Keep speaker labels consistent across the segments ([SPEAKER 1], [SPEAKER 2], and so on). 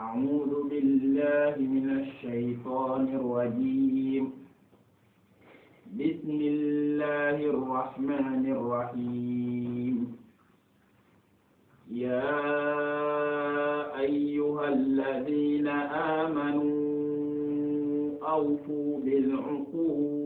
[SPEAKER 1] أعوذ بالله من الشيطان الرجيم بسم الله الرحمن الرحيم يا أيها الذين آمنوا أوفوا بالعقود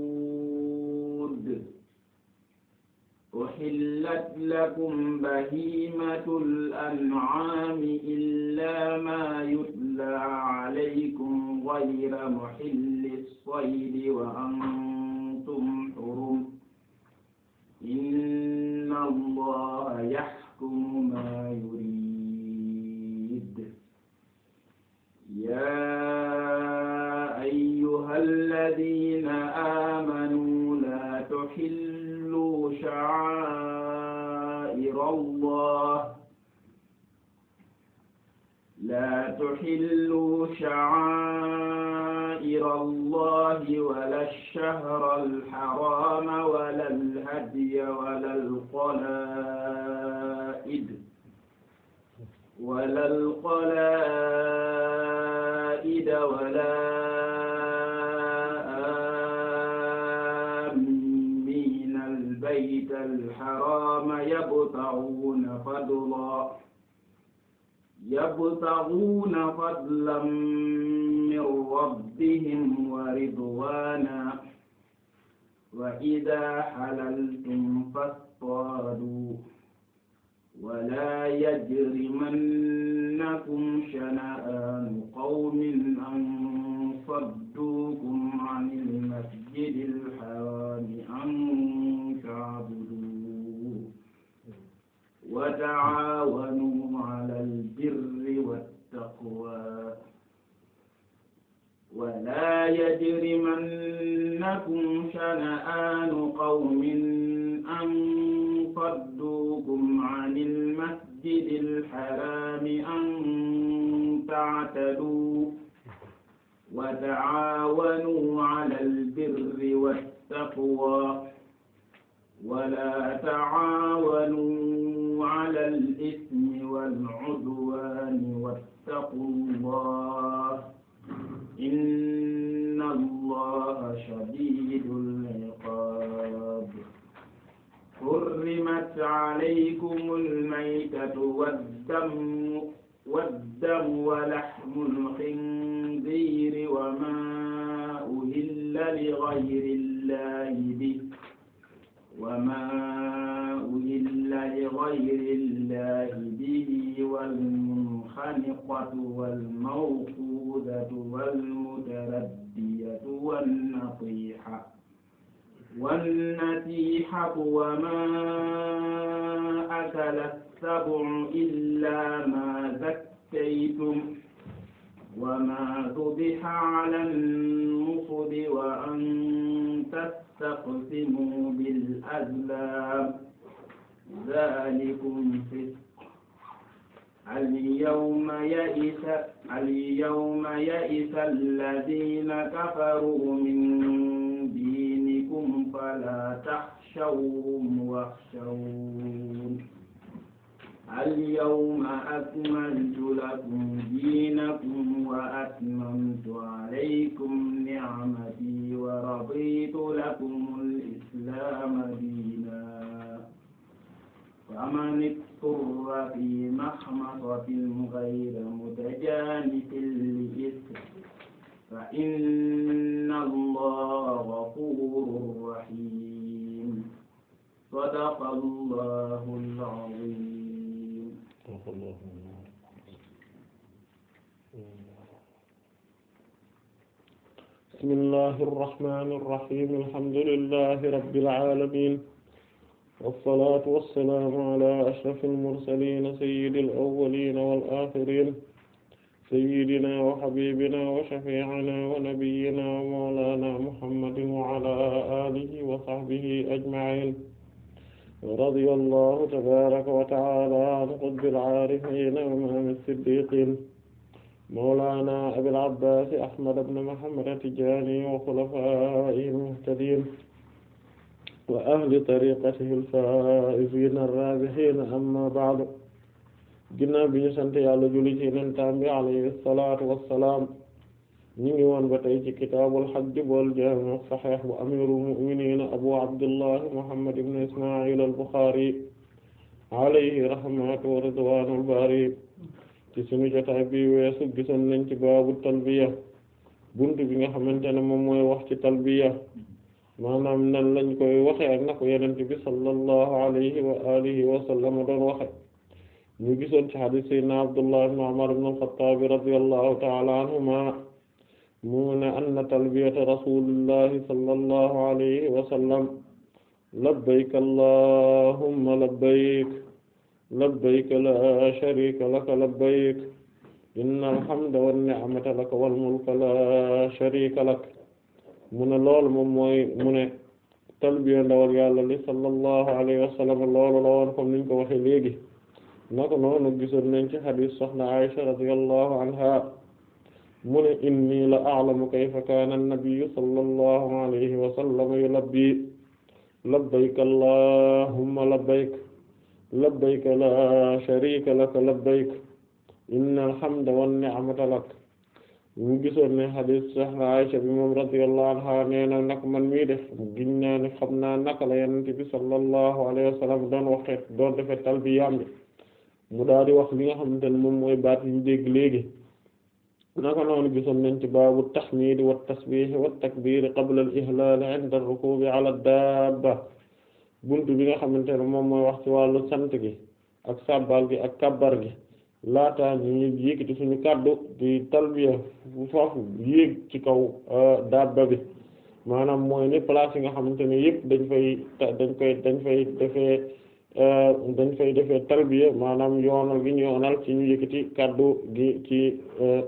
[SPEAKER 1] أحلت لكم بهيمة الأنعام إلا ما يتلى عليكم غير محل الصيد وأنتم حرم إن الله يحكم ما يريد يا لا تحلوا شعائر الله ولا الشهر الحرام ولا الهدي ولا القلائد ولا القلائد ولا يبتغون فضلا من ربهم ورضوانا وإذا حللتم فاصطادوا ولا يجرمنكم شنآن قوم أن صدوكم عن المسجد الحرام أن تعبدوا وتعاونوا البر والتقوى ولا يجرمنكم شنآن قوم أن صدوكم عن المسجد الحرام أن تعتدوا وتعاونوا على البر والتقوى ولا تعاونوا على الإثم والعدوان واتقوا الله إن الله شديد العقاب حرمت عليكم الميتة والدم والدم ولحم الخنزير وما أهل لغير الله به وما أهل لغير الله به والمنخنقة والموقوذة والمتردية والنطيحة والنتيحة وما أكل السبع إلا ما ذكيتم وما ذبح على النصب وأن تسقوا تقسموا بالأزلام ذلكم فسق اليوم يئس اليوم يئس الذين كفروا من دينكم فلا تخشوهم واخشون اليوم أكملت لكم دينكم وأتممت عليكم نعمتي ورضيت لكم الإسلام دينا فمن اضطر في محمصة غير متجانف لإثم فإن الله غفور رحيم صدق الله العظيم
[SPEAKER 2] bismillahi irrahmani irrahim alhamdulillahi rabbil alamin wassalatu wassalamu ala ashrafil mursalin sayyidil awwalin wal akhirin sayyidina wa habibina wa shafi'ina wa nabiyyina wa mawlana muhammadin wa ala alihi wa sahbihi ajma'in رضي الله تبارك وتعالى عن قطب العارفين وإمام الصديقين مولانا أبي العباس أحمد بن محمد التجاني وخلفائه المهتدين وأهل طريقته الفائزين الرابحين أما بعد ginnaaw bi ñu sant Yàlla julli ci Yonent bi alayhi salaatu wassalaam ñu ngi woon ba tey ci kitaabul hajj bool jaami sahih bu amirul mu'minin abu abdullah muhammad ibn isma'il al bukhari alayhi rahmatu wa ridwanul bari ci suñu jotaay bi weesu gisoon nañ ci baabu talbiya buntu bi nga xamante ne moom mooy wax ci talbiya maanaam nan lañ koy waxe ak na ko yonent bi sallallahu alayhi wa alihi wa sallam doon waxe ñu gisoon ci hadith sayyidina abdullah ibn umar ibn al-khattab radiyallahu ta'ala anhuma mu ne anna talbiyata rasulillahi sallallahu alayhi wa sallam labbayka allahumma labbayk labbayka la sharika laka labbayk inna alhamda wan ni'mata laka wal mulka la sharika lak mu ne loolu moom mooy mu ne talbiya ndawal yàlla li sallallahu alayhi wa sallam loolu la woon comme niñ ko waxe léegi naka noonu gisoon nañ ci hadith soxna Aisha radiyallahu anha mu ne inni la a'lamu kayfa kaana an-nabiyyu sallallahu alayhi wa sallam yulabbi labbayka allahumma labbayk labbayka laa sharika laka labbayk inna al-hamda wan-ni'mata lak mu gisoon ne hadis Soxna Aysa bi moom radiyallahu anha nee na nag man mii def giñ naa xam naa naka la Yonent bi sallallahu alayhi wa sallam doon waxee doon defee talbiyaam bi mu daal di wax li nga xamante ne moom mooy baat yi ñu dégg léegi naka noonu gisoon nañ ci baabu tahmid wa tasbih wa takbir qabla al ihlal 'inda ar-rukub 'ala ad-dabba bunt bi nga xamante ne moom mooy wax ci wàllu sant gi ak sabbal gi ak kabar gi laata ñu yékkati suñu kaddu di talbiya bu foofu yéeg ci kaw euh, dabba bi maanaam mooy ne place yi nga xamante ne yëpp dañ fay dañ koy dañ fay defee euh, dañ fay defee talbiya maanaam yoonal gi ñu yoonal ci ñu yékkati kaddu gi ci euh,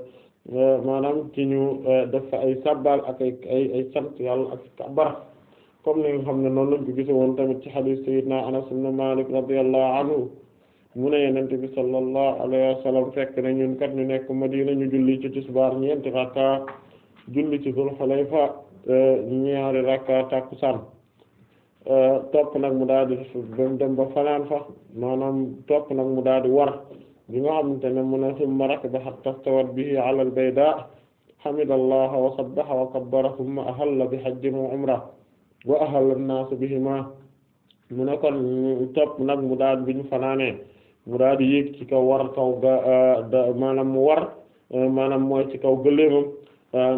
[SPEAKER 2] Euh, maanaam ci ñu euh, def fa ay sabbal ak ay ay ay sant yàlla ak kabbara comme ni nga xam ne noonu lañ ko gise woon tamit ci hadith sayyidina Anas na Malik radiyallahu anhu mu ne Yonent bi sallallahu alayhi wa sallam fekk na ñun kat ñu nekk Madina ñu julli ci tisbaar ñeenti rakka julli ci Dul Xulayfa euh, ñaari rakka takkusaan topp nag mu daal di dem ba fanaan fa maanaam topp nag mu daal di war bi nga xamante ne mu ne summa rakaba hatta stawat bihi ala al bayda hamida allaha wa sabbaha wa kabbara summa ahalla bi hajjin wa umra wa ahalla an-naasu bihima mu ne kon topp nag mu daal bi ñu fanaanee mu daal di ci kaw war kaw ga maanaam mu war maanaam mooy ci kaw gëléemam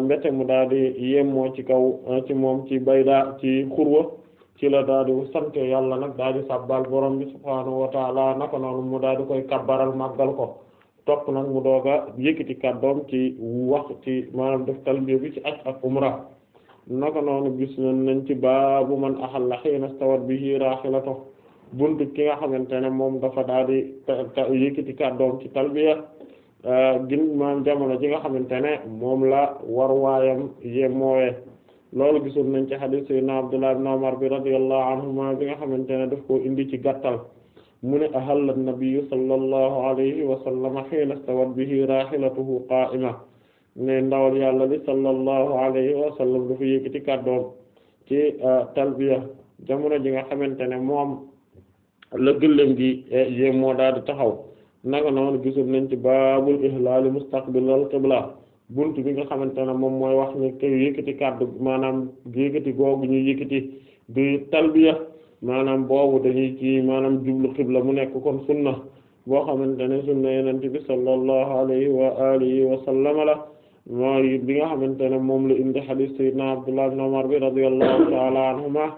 [SPEAKER 2] mbete mu daal di yem ci kaw ci moom ci bayda ci xurwa ci la daa di sante yàlla nag daa di sabbal borom bi subhaanahu wa taala naka noonu mu daa di koy kabbaral màggal ko topp nag mu doog a yëkkati doom ci wax ci maanaam def talbiya bi ci aj ak umra naka noonu gis nañ nañ ci baabu man la ahalla hiina bi bihi raahilatu buntu ki nga xamante ne moom dafa daa di yëkkati kàddoom ci talbiya gin maanaam jamono ji nga xamante ne moom la war waayam ye moowe loolu gisul nañ ci hadith sayyidina Abdullah ibn Umar bi radiyallahu anhuma bi nga xamante ne daf koo indi ci gàttal mu ne a ahalla an-nabiyyu sallallahu alayhi wa sallam hiina stawat bihi rahilatuhu qaa'ima ne ndawal yàlla li sallallahu alayhi wa sallam dafa yëkkati kàddoom ci uh, talbiya jamono ji nga xamante ne moom la gëléem gi eh, yéem moo daal di taxaw naka noonu gisul nañ ci baabul ihlaali mustaqbilal qibla buntu bi nga xamante ne moom mooy wax ne te yëkkati kàddu maanaam yëkkati googu ñu yëkkati di talbiya maanaam boobu dañuy ci maanaam jublu xibla mu nekk kon sunna boo xamante ne sunna yenent bi sallallahu alayhi wa alihi wa sallama la mooy bi nga xamante ne moom la indi hadith sayyidina Abdullah ibn Umar bi radiyallahu ta'ala anhuma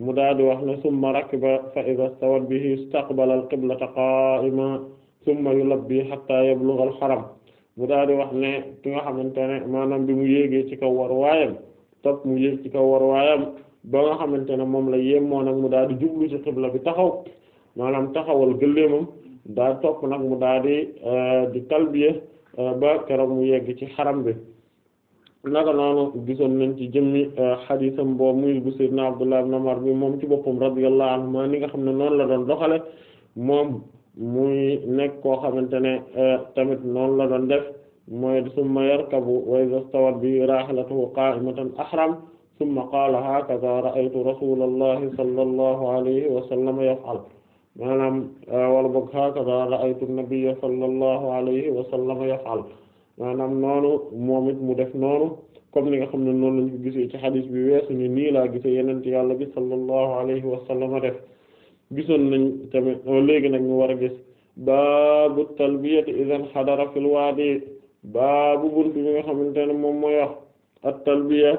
[SPEAKER 2] mu daadi wax na summa rakiba fa idha stawat bihi istaqbala al-qiblata qa'iman summa yulabbi hatta yablugha al-haram mu daal di wax ne ki nga xamante ne maanaam bi mu yéegee ci kaw war waayam topp mu yéeg ci kaw war boo nga xamante ne moom la yemmoo nag mu daal di jublu ci xibla bi taxaw maanaam taxawal gëléemam daal topp nag mu daal di euh, di talbiya euh, ba keroog mu yegg ci xaram bi naka noonu gisoon nañ ci jëmmi euh, xadisam boobu muy bu sayyidna Abdullah ibn Umar bi moom ci boppam radiyallahu anhu ma ni nga xam ne noonu la doon doxale moom muy nekk koo xamante ne eh, tamit noonu la doon def mooy summa yarkabu wa idha stawat bi rahilatuhu qa'imatan ahram summa qaala hakaza ra'aytu rasulallahi sallallahu alayhi wa sallam yaf'al maanaam eh, wala boog hakaza ra'aytu nabiyya sallallahu alayhi wa sallam yaf'al maanaam noonu moom it mu def noonu comme ni nga xam ne noonu lañu ko gisee ci xadiis bi weesu ni nii laa gisee yeneen yàlla bi sallallahu alayhi wa sallam def gisoon nañ tamit léegi nag ñu war a gis baabu talbiyati idan xadara fil waadi baabu buntu bi nga xamante ne moom mooy wax at talbiya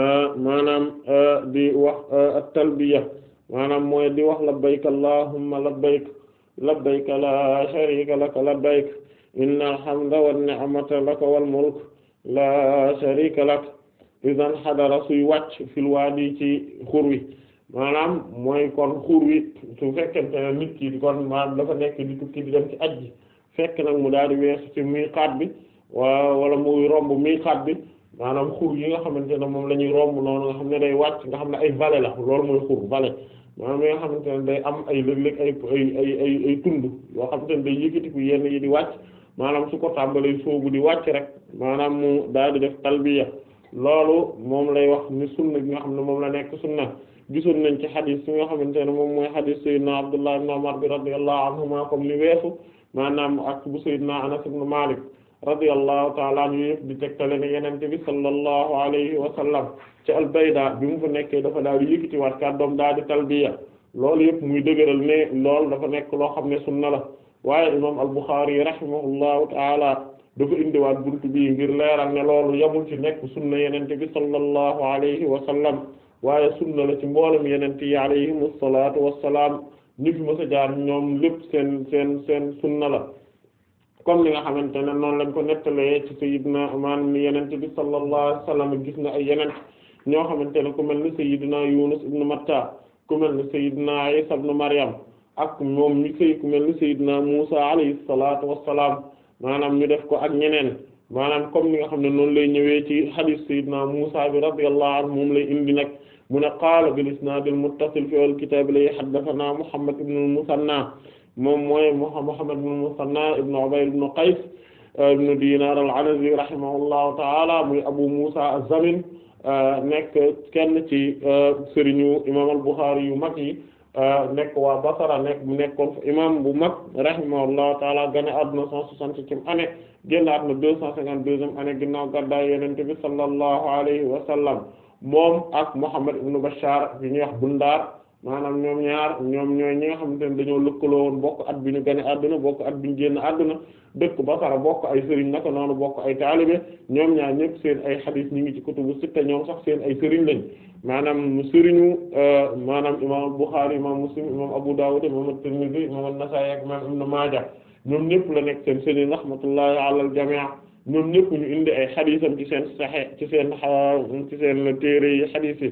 [SPEAKER 2] ah, maanaam ah, di wax ah, at talbiya maanaam mooy di wax labbayk allahumma labbayk labbayk la sharika laka labbayk inna alhamda wan ni'mata laka wal mulk la sharika lak idan xadara suy wàcc fil waadi ci xur wi maanaam mooy kon xuur wi su fekkente ne nit ki kon maanaam dafa nekk di tukki di dem ci aj ji fekk nag mu daal di weesu ci miiqaat bi wala muy romb miiqaat bi maanaam xur yi nga xamante ne moom la ñuy romb noonu nga xam ne day wàcc nga xam ne ay vale la loolu mooy xur vallée maanaam yi nga xamante ne day am ay léeg-léeg ay ay ay ay tund yoo xamante ne day yi di wàcc maanaam su ko tàmbalee soobu di wàcc rek maanaam daal di def talbiya loolu moom lay wax ni sunna bi nga xam ne moom la nekk sunna gisoon nañ ci xadis bi nga xamante ne moom mooy xadis sayyidina Abdullah ibn Umar bi radiyallahu anhuma comme li weesu maanaam ak bu sayyidina Anas ibn Malik radiyallahu taala anhu yëpp di tegtale ne yenente bi sallallahu alayhi wa sallam ci albayda bi mu nekkee dafa daal di yëkkati waat kàddoom daal di talbiya loolu yëpp muy dëgëral ne lool dafa nekk loo xam ne sunna la waaye imam al-Bukhari rahimahullahu taala dafa indiwaat buntu bi ngir leeral ne loolu yamul ci nekk sunna yenente bi sallallahu alayhi wa sallam waaye sunna la ci yeneen yenente yi alayhim asalatu wassalaam ñi fi mësa jaar ñoom lépp seen seen seen sunna la comme li nga xamante ne noonu lañ ko nettalee ci sayyidina maanaam ni yenente bi sallallahu alayhi wasallam gis na ay yenent ñoo xamante ne ku mel ni sayyidina yunus ibnu matta ku mel ni sayyidina isa ibnu ak moom mi sëy ku mel ni sayyidina maanaam ñu def ko ak ñeneen maanaam comme li nga xam ne noonu lay ñëwee ci hadith sayyidina musa bi radiyallahu anhu moom lay indi nag mu ne qaala bil isnaadil muttasil fi al-kitaab li haddathanaa Muhammad ibn al-Musanna moom mooy Muhammad ibn al-Musanna ibn Ubayd ibn Qays ibn Dinar al-Anazi rahimahullahu ta'ala muy Abu Musa az-Zamin nekk kenn ci euh, sëriñu imaam al-Bukhari yu mag yi euh, nekk waa Basra nekk nekkoon imaam bu mag rahimahullahu ta'ala gane àdduna 167e année génn àdduna 252e année ginnaaw gàddaay Yonent bi sallallahu alayhi wa sallam moom ak Muhammad ibn Bashar bi ñuy wax Bundaar maanaam ñoom ñaar ñoom ñooy ñi nga xamante ne dañoo lëkkaloo woon bokk at bi ñu gane àdduna bokk at bi ñu génn àdduna dëkk Basra bokk ay sëriñ naka noonu bokk ay taalibe ñoom ñaar ñëpp seen ay xadiis ñu ngi ci kutubu sitta ñoom sax seen ay sëriñ lañ maanaam sëriñu euh, maanaam imaam Bukhari imaam Muslim imaam Abu Dawud imaam at-Tirmidhi imaam an-Nasa'i ak imaam Ibn Maaja ñoom ñëpp la nekk seen sëriñ rahmatullahi ala al-jami' ñoom ñëpp ñu indi ay xadiisam ci seen saxe ci seen xaw ci seen téere yi xadiis yi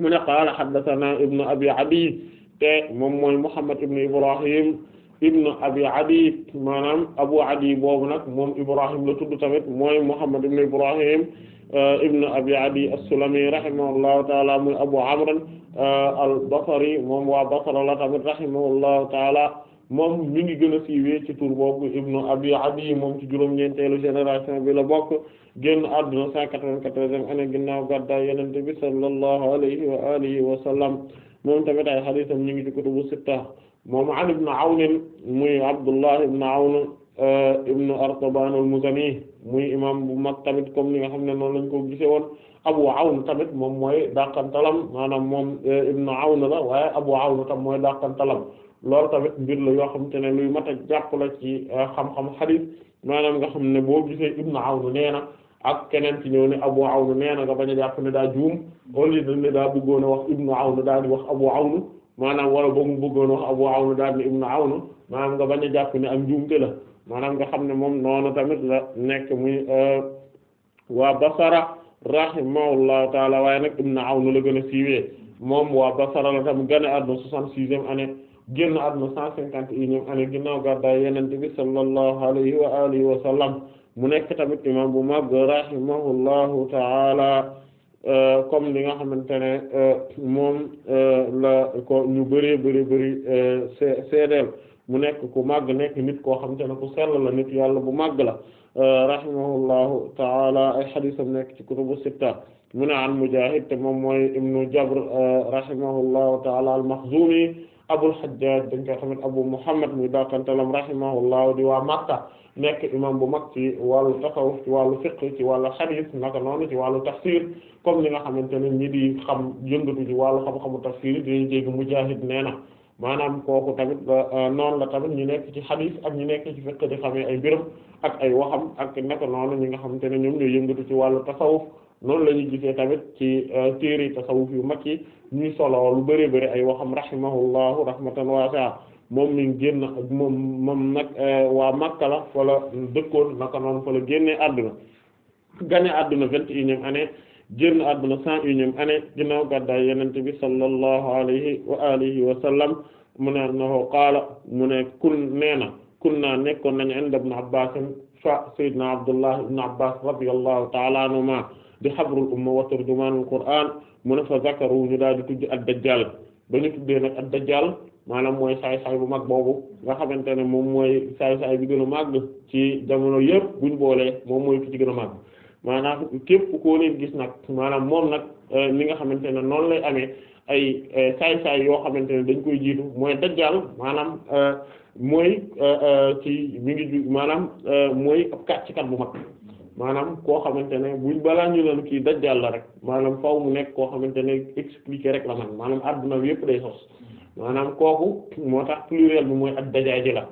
[SPEAKER 2] mu ne qaala xaddasanaa ibnu abi adiy te moom mooy muhammad ibnu ibrahim ibnu abi adiy maanaam abu adiy boobu nag moom ibrahim la tudd tamit mooy muhammad ibnu ibrahim euh, ibnu abi adiy as-sulami rahimahullahu taala muy abu amran euh, al basri moom waa basra la tamit rahimahullahu taala moom mi ngi gën a siiwee ci tur boobu ibnu abi abi moom ci juróom-ñeenteelu génération bi la bokk génn àdduna cent quatre ane quatorzième année ginnaaw gàddaay yonent bi sallallahu alayhi wa alihi wa sallam moom tamit ay hadiisam ñu ngi ci kutubu sitta moom an ibn Awn muy Abdullah ibn Awn euh, ibn Artaban al-Muzani muy imam bu mag tamit comme ni nga xam ne noonu lañ ko gisee woon Abu Awn tamit moom mooy dàqantalam maanaam moom euh, ibn Awn la waaye Abu Awn tam mooy dàqantalam loolu tamit mbir la yoo xamante ne luy mat a jàpp la ci euh, xam-xam xadiis maanaam nga xam ne boo gisee Ibnu Awn nee na ak keneen ci ñëw ne Abu Awn nee na nga bañ a jàpp ne daa juum au lieu ne daa bëggoon a daal di wax Abu Awn maanaam wala mu bëggoon wax Abu Awn daal ne Ibnu Awn maanaam nga bañ a jàpp ne am njuumte la maanaam nga xam ne moom noonu tamit la nekk muy euh, waa Basara rahimahullahu taala waaye nag Ibnu Awn la gën a siiwee moom waa Basara la tam gane àdduna soixante-sixième année génn àdduna cent cinquante et unième année ginnaaw gàddaay yonent bi sallallahu alayhi wa alihi wa mu nekk tamit imam bu mag rahimahullahu ta'ala euh, comme li nga xamante ne euh, moom euh, la ko ñu bëree bëri bëri seedeel mu nekk ku màgg nekk nit koo xamante ne ku sell la nit yàlla bu màgg la rahimahullahu ta'ala ay xadiisam nekk ci kutubu sitta mu ne an Mujaahid te moom mooy ibnu Jabr rahimahullahu ta'ala al-Makhzumi abul hajjaj dañ koy tamit abu muhammad muy dakantalam rahimahullahu di waa makka nekk imam bu mag ci wàllu tasawuf ci wàllu fiqh ci wàllu hadith naka noonu ci wàllu tafsir comme ni nga xamante ne ñi di xam yëngatu ci wàllu xam-xamu di dañuy dégg mujahid nee na maanaam kooku tamit euh, noonu la tamit ñu nekk ci hadith ak ñu nekk ci fiqh di xamee ay mbiram ak ay waxam ak naka noonu ñi nga xamante ne ñoom ñooy yëngatu ci wàllu tasawuf loolu la ñuy gisee tamit ci euh, téere tasawuf yu mag yi ñuy solo lu bëree bëri ay waxam rahimahullahu rahmatan wasi'a moom mi génn moom moom nag euh, waa Makka la fa la dëkkoon naka noonu fa la àdduna gane àdduna vingt et unième année génn àdduna cent unième année ginnaaw gàddaay yenente bi sallallahu alayhi wa alihi wa sallam mu ne annahu qaala mu ne kun nee na kunna nekkoon nañu inda ibn Abbas fa sayyidna Abdullah ibn Abbas radiyallahu ta'ala anhuma di xabrul umma wa turjumaanul qur'aan mu ne fa zakaru ñu daal di tudd ad dajjal ba ñu tuddee nag ad dajjal maanaam mooy saay-saay bu mag boobu nga xamante ne moom mooy saay-saay bi gën a màgg ci jamono yëpp buñ boolee moom mooy ki ci maanaam képp koo leen gis nag maanaam moom nag li euh, nga xamante ne noonu lay amee ay euh, saay yoo xamante ne dañ koy jiitu mooy dajjal maanaam euh, mooy ci mi maanaam mooy ab kàccikat bu mag maanaam koo xamante ne buñ balaa ñu leen kii dajjal la rek maanaam faw mu nekk koo xamante ne expliquer rek la man maanaam adduna bi yëpp day sos maanaam kooku moo tax pluriel bi mooy ak dajaaji la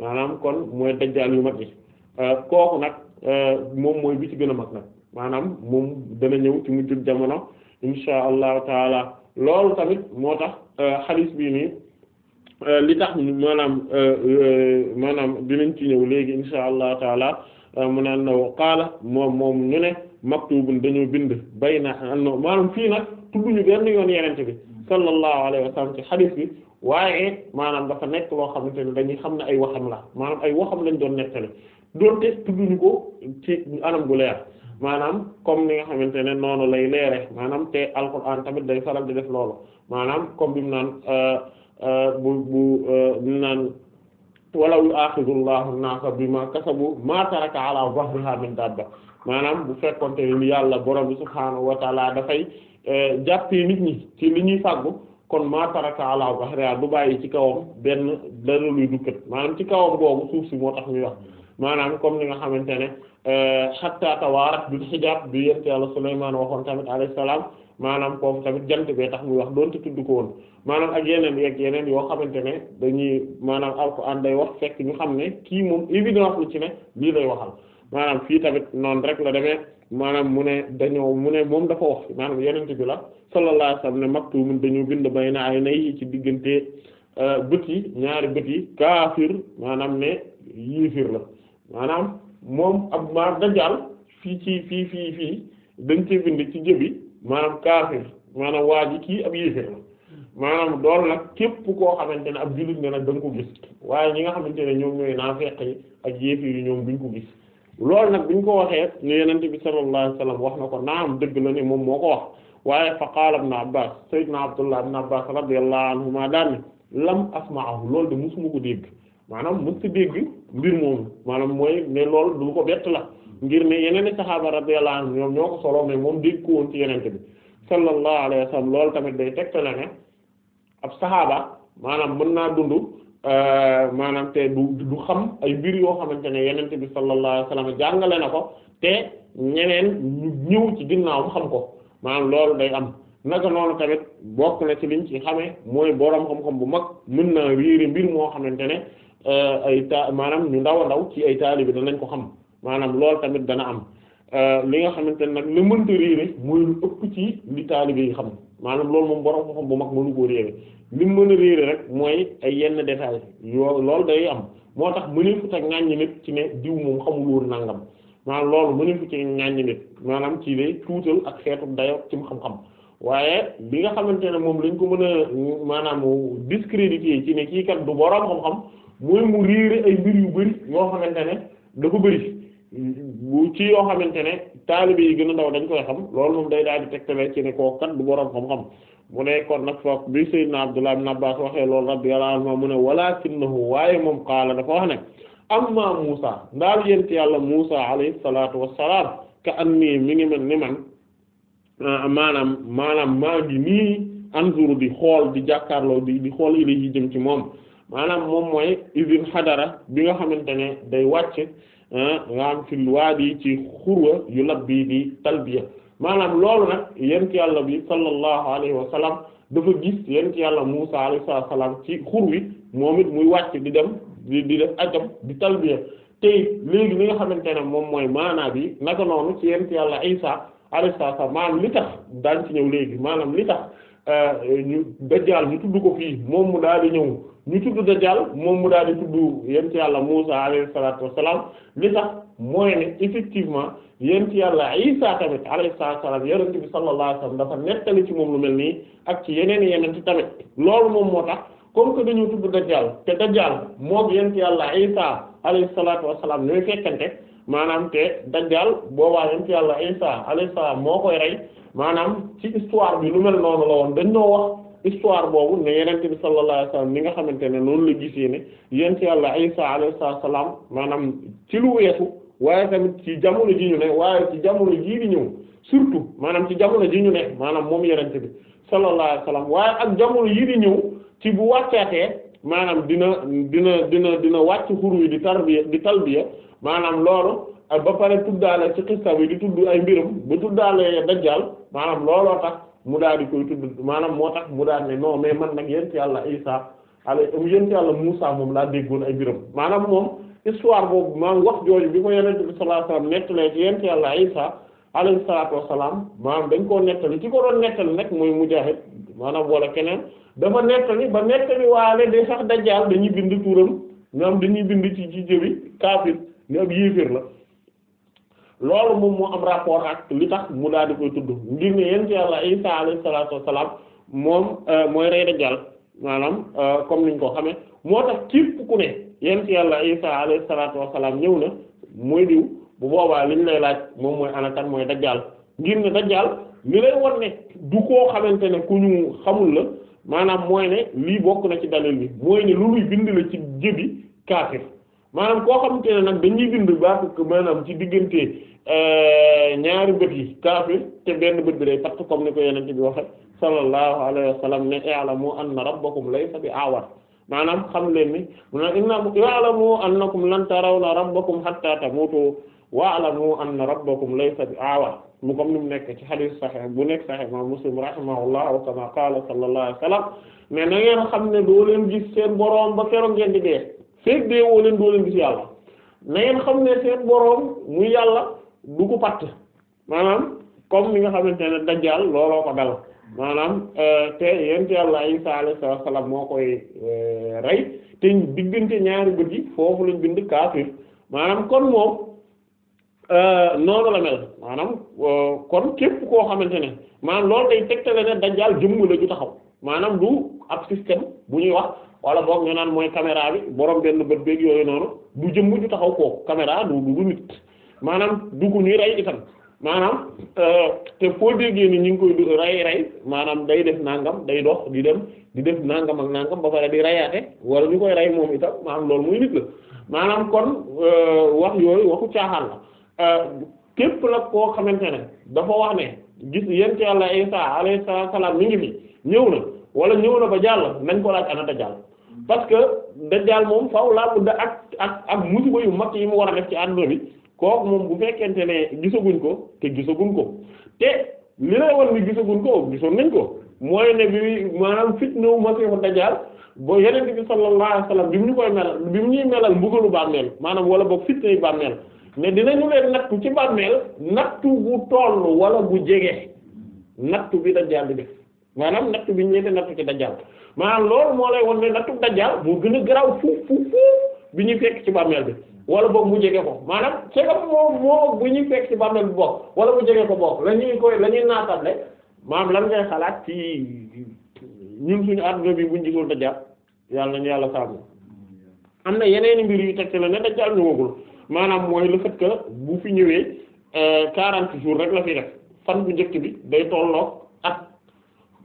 [SPEAKER 2] maanaam kon mooy dajjal yu mag yi euh, kooku nag euh, moom mooy bi ci gën a mag maanaam moom dana ñëw ci mujjul jamono insha allahu taala loolu tamit moo tax euh, xadiis bii nii li tax maanaam maanaam dinañ ci ñëw léegi insha allah taala Euh, mu naan na wa qaala moom moom ñu ne bu dañoo bind bay na no maanaam fii nag tudduñu benn yoon bi sallallahu alayhi wa sallam ci bi waaye maanaam dafa nekk loo xamante ne dañuy xam ne ay waxam la maanaam ay waxam lañ doon nettali doonte tudduñu ko ci anam gu leer maanaam comme ni nga xamante ne noonu lay leere maanaam te alquran tamit day faral di def loolu maanaam comme bi mu naan euh, euh, wala yu'akhidullahu an-nasa bima kasabu ma taraka ala dhahriha min dabba maanaam bu fekkonte ni yàlla borom bi subhaanahu wa taala dafay eh, jàppee nit ñi ci li ñuy fàggu kon ma taraka ala dhahriha du bàyyi ci kawam benn dara luy dukkat maanaam ci kawam boobu suuf si moo tax ñuy wax maanaam comme ni nga xamante ne eh, hatta tawaarat bil hijab bi yent yàlla Sulaymaan waxoon tamit alayhi salaam maanaam kooku tamit jant bee tax muy wax doonte tudd ko woon maanaam ak yeneen yeeg yeneen yoo xamante ne dañuy maanaam alxuraan day wax fekk ñu xam ne kii moom évidence lu ci ne lii lay waxal maanaam fii tamit noonu rek la demee maanaam mu ne dañoo mu ne moom dafa wax maanaam yeneen bi la sallallahu alayhi wasallam ne maktuum dañoo bind bay na ay nay ci diggante euh, bët yi ñaari bët yi kaafir maanaam ne fiir la maanaam moom ab ma dajal fii ci fii fii fii dañ ci bind ci jëbi maanaam kaafir maanaam waa ji kii ab yéeféer la maanaam dool nag képp koo xamante ne ab jullit nga nag da nga ko waaye ñi nga xamante ne ñoom ñooy naafeq yi ak yéeféer yi ñoom duñ ko gis lool nag biñ ko waxee ne yenent bi sallallahu alayhi wasallam wax na ko naam dëgg la ne moom moo ko wax waaye fa qaala ibn abbas sayyidna abdullah ibn abbas radiyallahu anhuma daanne lam asma'ahu loolu de musuma ko dégg maanaam mës ta dégg mbir moomu maanaam mooy ne loolu ko bett la ngir ne yeneen i saxaaba radiyallahu anhum ñoom ñoo ko solo moom dégg ko woon ci yenente bi sallallahu loolu tamit day tegtale ne ab saxaaba maanaam mën naa dund euh, maanaam te du du xam ay mbir yoo xamante ne yenente bi sallallahu alayhi wa jàngale na ko te ñeneen ñu ñëw ci ginnaaw xam ko maanaam loolu day am naka noonu tamit bokk na ci liñ ci xame mooy boroom xam-xam bu mag mën naa réere mbir moo xamante ne euh, ay ta maanaam ñu ndaw ndaw ci ay taalibi danañ ko xam maanaam loolu tamit dana am euh, li nga xamante ne nag la mënta réere mooy lu ëpp ci li taalibe xam maanaam loolu moom borom xam bu mag mënu koo réere li mu mën a réere rek mooy ay yenn détail yoo day am moo tax mënee fu ta ŋàññi nit ci ne diw xamul woon nangam maanaam loolu mënee fu ci maanaam ci ne tuutal ak xeetu dayo ci mu xam-xam waaye bi nga xamante ne moom lañ ko mën a maanaam discrédité ci ne kii kat du borom xam-xam mooy mu réere ay mbir yu bari yoo xamante ne da ko bari ci yoo xamante ne taalibe yi gën a ndaw dañ koy xam loolu moom day daal di tegtale ci ne koo kat du boroom xam-xam mu ne kon nag foog bi Seydina Abdullah ibn Abbas waxee loolu radiyallahu anhu mu ne walaakinnahu waaye moom qaala dafa wax ne amma Muusa ndaal yent yàlla Muusa alayhi salaatu wassalaam ka anni mi ngi mel ni man ah, maanaam maanaam maa ngi nii anzuru di xool di jàkkaarloo di di xool ilay yi jëm ci moom maanaam moom mooy izin hadara bi nga xamante ne day wàcc maanaam ah, fil waadi ci xurwa yu lab bi di talbiya maanaam loolu nag yent yàlla bi sallallahu alayhi wa sallam dafa gis ki yàlla Musa alayhi salaam ci xur wi moom it muy wàcc di dem di di def ajam di talbiya te léegi li nga xamante ne moom mooy maanaa bi naka noonu ci yent yàlla Isa alayhi salaam maanaam li tax daañ ci ñëw léegi maanaam li tax Euh, ñu dajjaal ñu tudd ko fii moom mu daal di ñëw ñu tudd dajjaal moom mu daal di tudd yent yàlla Muusa alayhi salaatu wassalaam li tax mooy ne effectivement yent yàlla Isa tamit alayhi salaatu wassalaam yonent bi sallallahu alayhi wasallam nettali ci moom lu mel nii ak ci yeneen yeneen tamit loolu moom moo tax comme que dañoo tudd dajjaal te dajjaal moom yent yàlla Isa alayhi salaatu wassalaam ñooy fekkante maanaam te dajjaal boobaa yent yàlla Isa alayhi salaam moo koy maanaam ci histoire bi lu mel noonu la woon dañ noo wax histoire boobu ne yenent bi sallallahu alayhi wasallam ni nga xamante ne noonu la gisee ne yent yàlla Isa alayhi salaam maanaam ci lu weesu waaye tamit ci jamono ji ñu ne waaye ci jamono jii di ñëw surtout maanaam ci jamono ji ñu ne maanaam moom yenent bi sallallahu alayhi wasallam waaye ak jamono yii di ñëw ci bu wàccaatee maanaam dina dina dina dina wàcc xuru yi di tarbiya di talbiya maanaam loolu ba pare tuddaale ci xista bi di tudd ay mbiram bu tuddaale dajjal maanaam looloo tax mu daal di koy tudd maanaam moo tax mu daal ne non mais man nag yent yàlla Isa ale um, yent yàlla Musa moom laa déggoon ay biram maanaam moom histoire boobu maanaam wax jooju bi ko yonent bi sallallahu alayhi wasallam nettalee ci yent yàlla Isa alayhi salaatu wassalaam maanaam dañ koo nettali ci ko doon nettali nag mooy Mujaahid maanaam wala keneen dafa nettali ba nettali waale de sax Dajjaal dañuy bind turam maanaam dañuy bind ci ci jëwi kaafir ni ab yéeféer la loolu moom moo am rapport ak li tax mu daal di koy tudd ngir ne yéen ci yàlla Isa alayhi salaatu wassalaam moom euh, mooy rey dajjal maanaam euh, comme niñ ko xamee moo tax ci ku ne yéen ci yàlla Isa alayhi salaatu wassalaam ñëw na mooy diw bu boobaa liñ lay laaj moom mooy anakan mooy dajjal ngir ne dajjal li lay won ne du koo xamante ne ku ñu xamul la maanaam mooy ne lii bokk na ci dalil bi mooy ne lu luy bind la ci jëbi kaafir maanaam koo xamante ne nag bi dañuy bind baax maanaam ci diggante euh, ñaari bët yi kaafir te benn bët bi day fatt comme ni ko yenente bi waxe sallallahu alayhi wa sallam ne i'lamu anna rabbakum laysa bi awar maanaam xam leen ni mu ne inna i'lamu annakum lan tarawna rabbakum hatta tamutu wa'lamu anna rabbakum laysa bi awar mu comme ni mu nekk ci hadith sahih bu nekk sahih ma muslim rahimahullah wa kama qala sallallahu alayhi wa sallam mais na ngeen xam ne doo leen gis seen boroom ba keroog ngeen di dee feeg dee woo leen doo leen gis yàlla na xam ne seen boroom muy yàlla du ko patt maanaam comme ni nga xamante ne dajjaal looloo ko dal maanaam euh, te yent yàlla Isa alayhi salaam moo koy euh, rey te diggante ñaari bët yi foofu lañ bind kaafir maanaam kon moom euh, noonu la mel maanaam kon képp koo xamante ne maanaam loolu day tegtale ne dajjaal jëmm la ju taxaw maanaam du ab système bu ñuy wax wala boog ñu naan mooy caméra bi borom benn bët beeg yooyu noonu du jëmm ñu taxaw kooku caméra du du nit maanaam du ko ñuy rey itam maanaam euh, te foo déggee ni ñu ngi koy rey rey maanaam day def nangam day dox di dem di def nangam ak nangam ba pare di reyaate wala ñu koy rey moom itam maanaam loolu muy nit la maanaam kon euh, wax yooyu waxu caaxaan la euh, képp la koo xamante ne dafa wax ne gis yent yàlla Isa alayhi salaam mi ngi fi ñëw na wala ñëw na ba jàll nañ ko laaj anata jàll parce que dajjaal moom faw laa budda ak ak ak musiba yu mag yi mu war a def ci àdduna bi kooku moom bu fekkente ne gisaguñ ko te gisaguñ ko te li lay won ni gisaguñ ko gisoon nañ ko mooy ne bi maanaam fitna wu masiixu dajjaal boo yeneen bi sallallahu alayhi wasallam bi mu ñu koy melal bi mu ñuy melal mbugalu bàmmeel maanaam wala boog fitna yi bàmmeel ne dinañu leen nattu ci bàmmeel nattu bu toll wala gu jege nattu bi dajjaal di def maanaam nattu bi leen di nattu ci dajjaal maanaam loolu moo lay won ne nattu dajjaal moo gën a garaw fuuf fuuf bi ñuy fekk ci bàmmeel bi wala boog mu jege ko maanaam c'est que moo bu ñuy fekk ci bàmmeel bi bokk wala mu jege ko bokk la ñuy koy lañuy ñuy naatable maanaam lan ngay xalaat ci ñun suñu àdduna bi buñ gisul dajjaal yàlla nañu yàlla saabu am na yeneen mbir yu teg ci la ne dajjaal ñëwagul maanaam mooy le fait que bu fi ñëwee euh, quarante jours rek la fi def fan bu njëkk bi day tolloog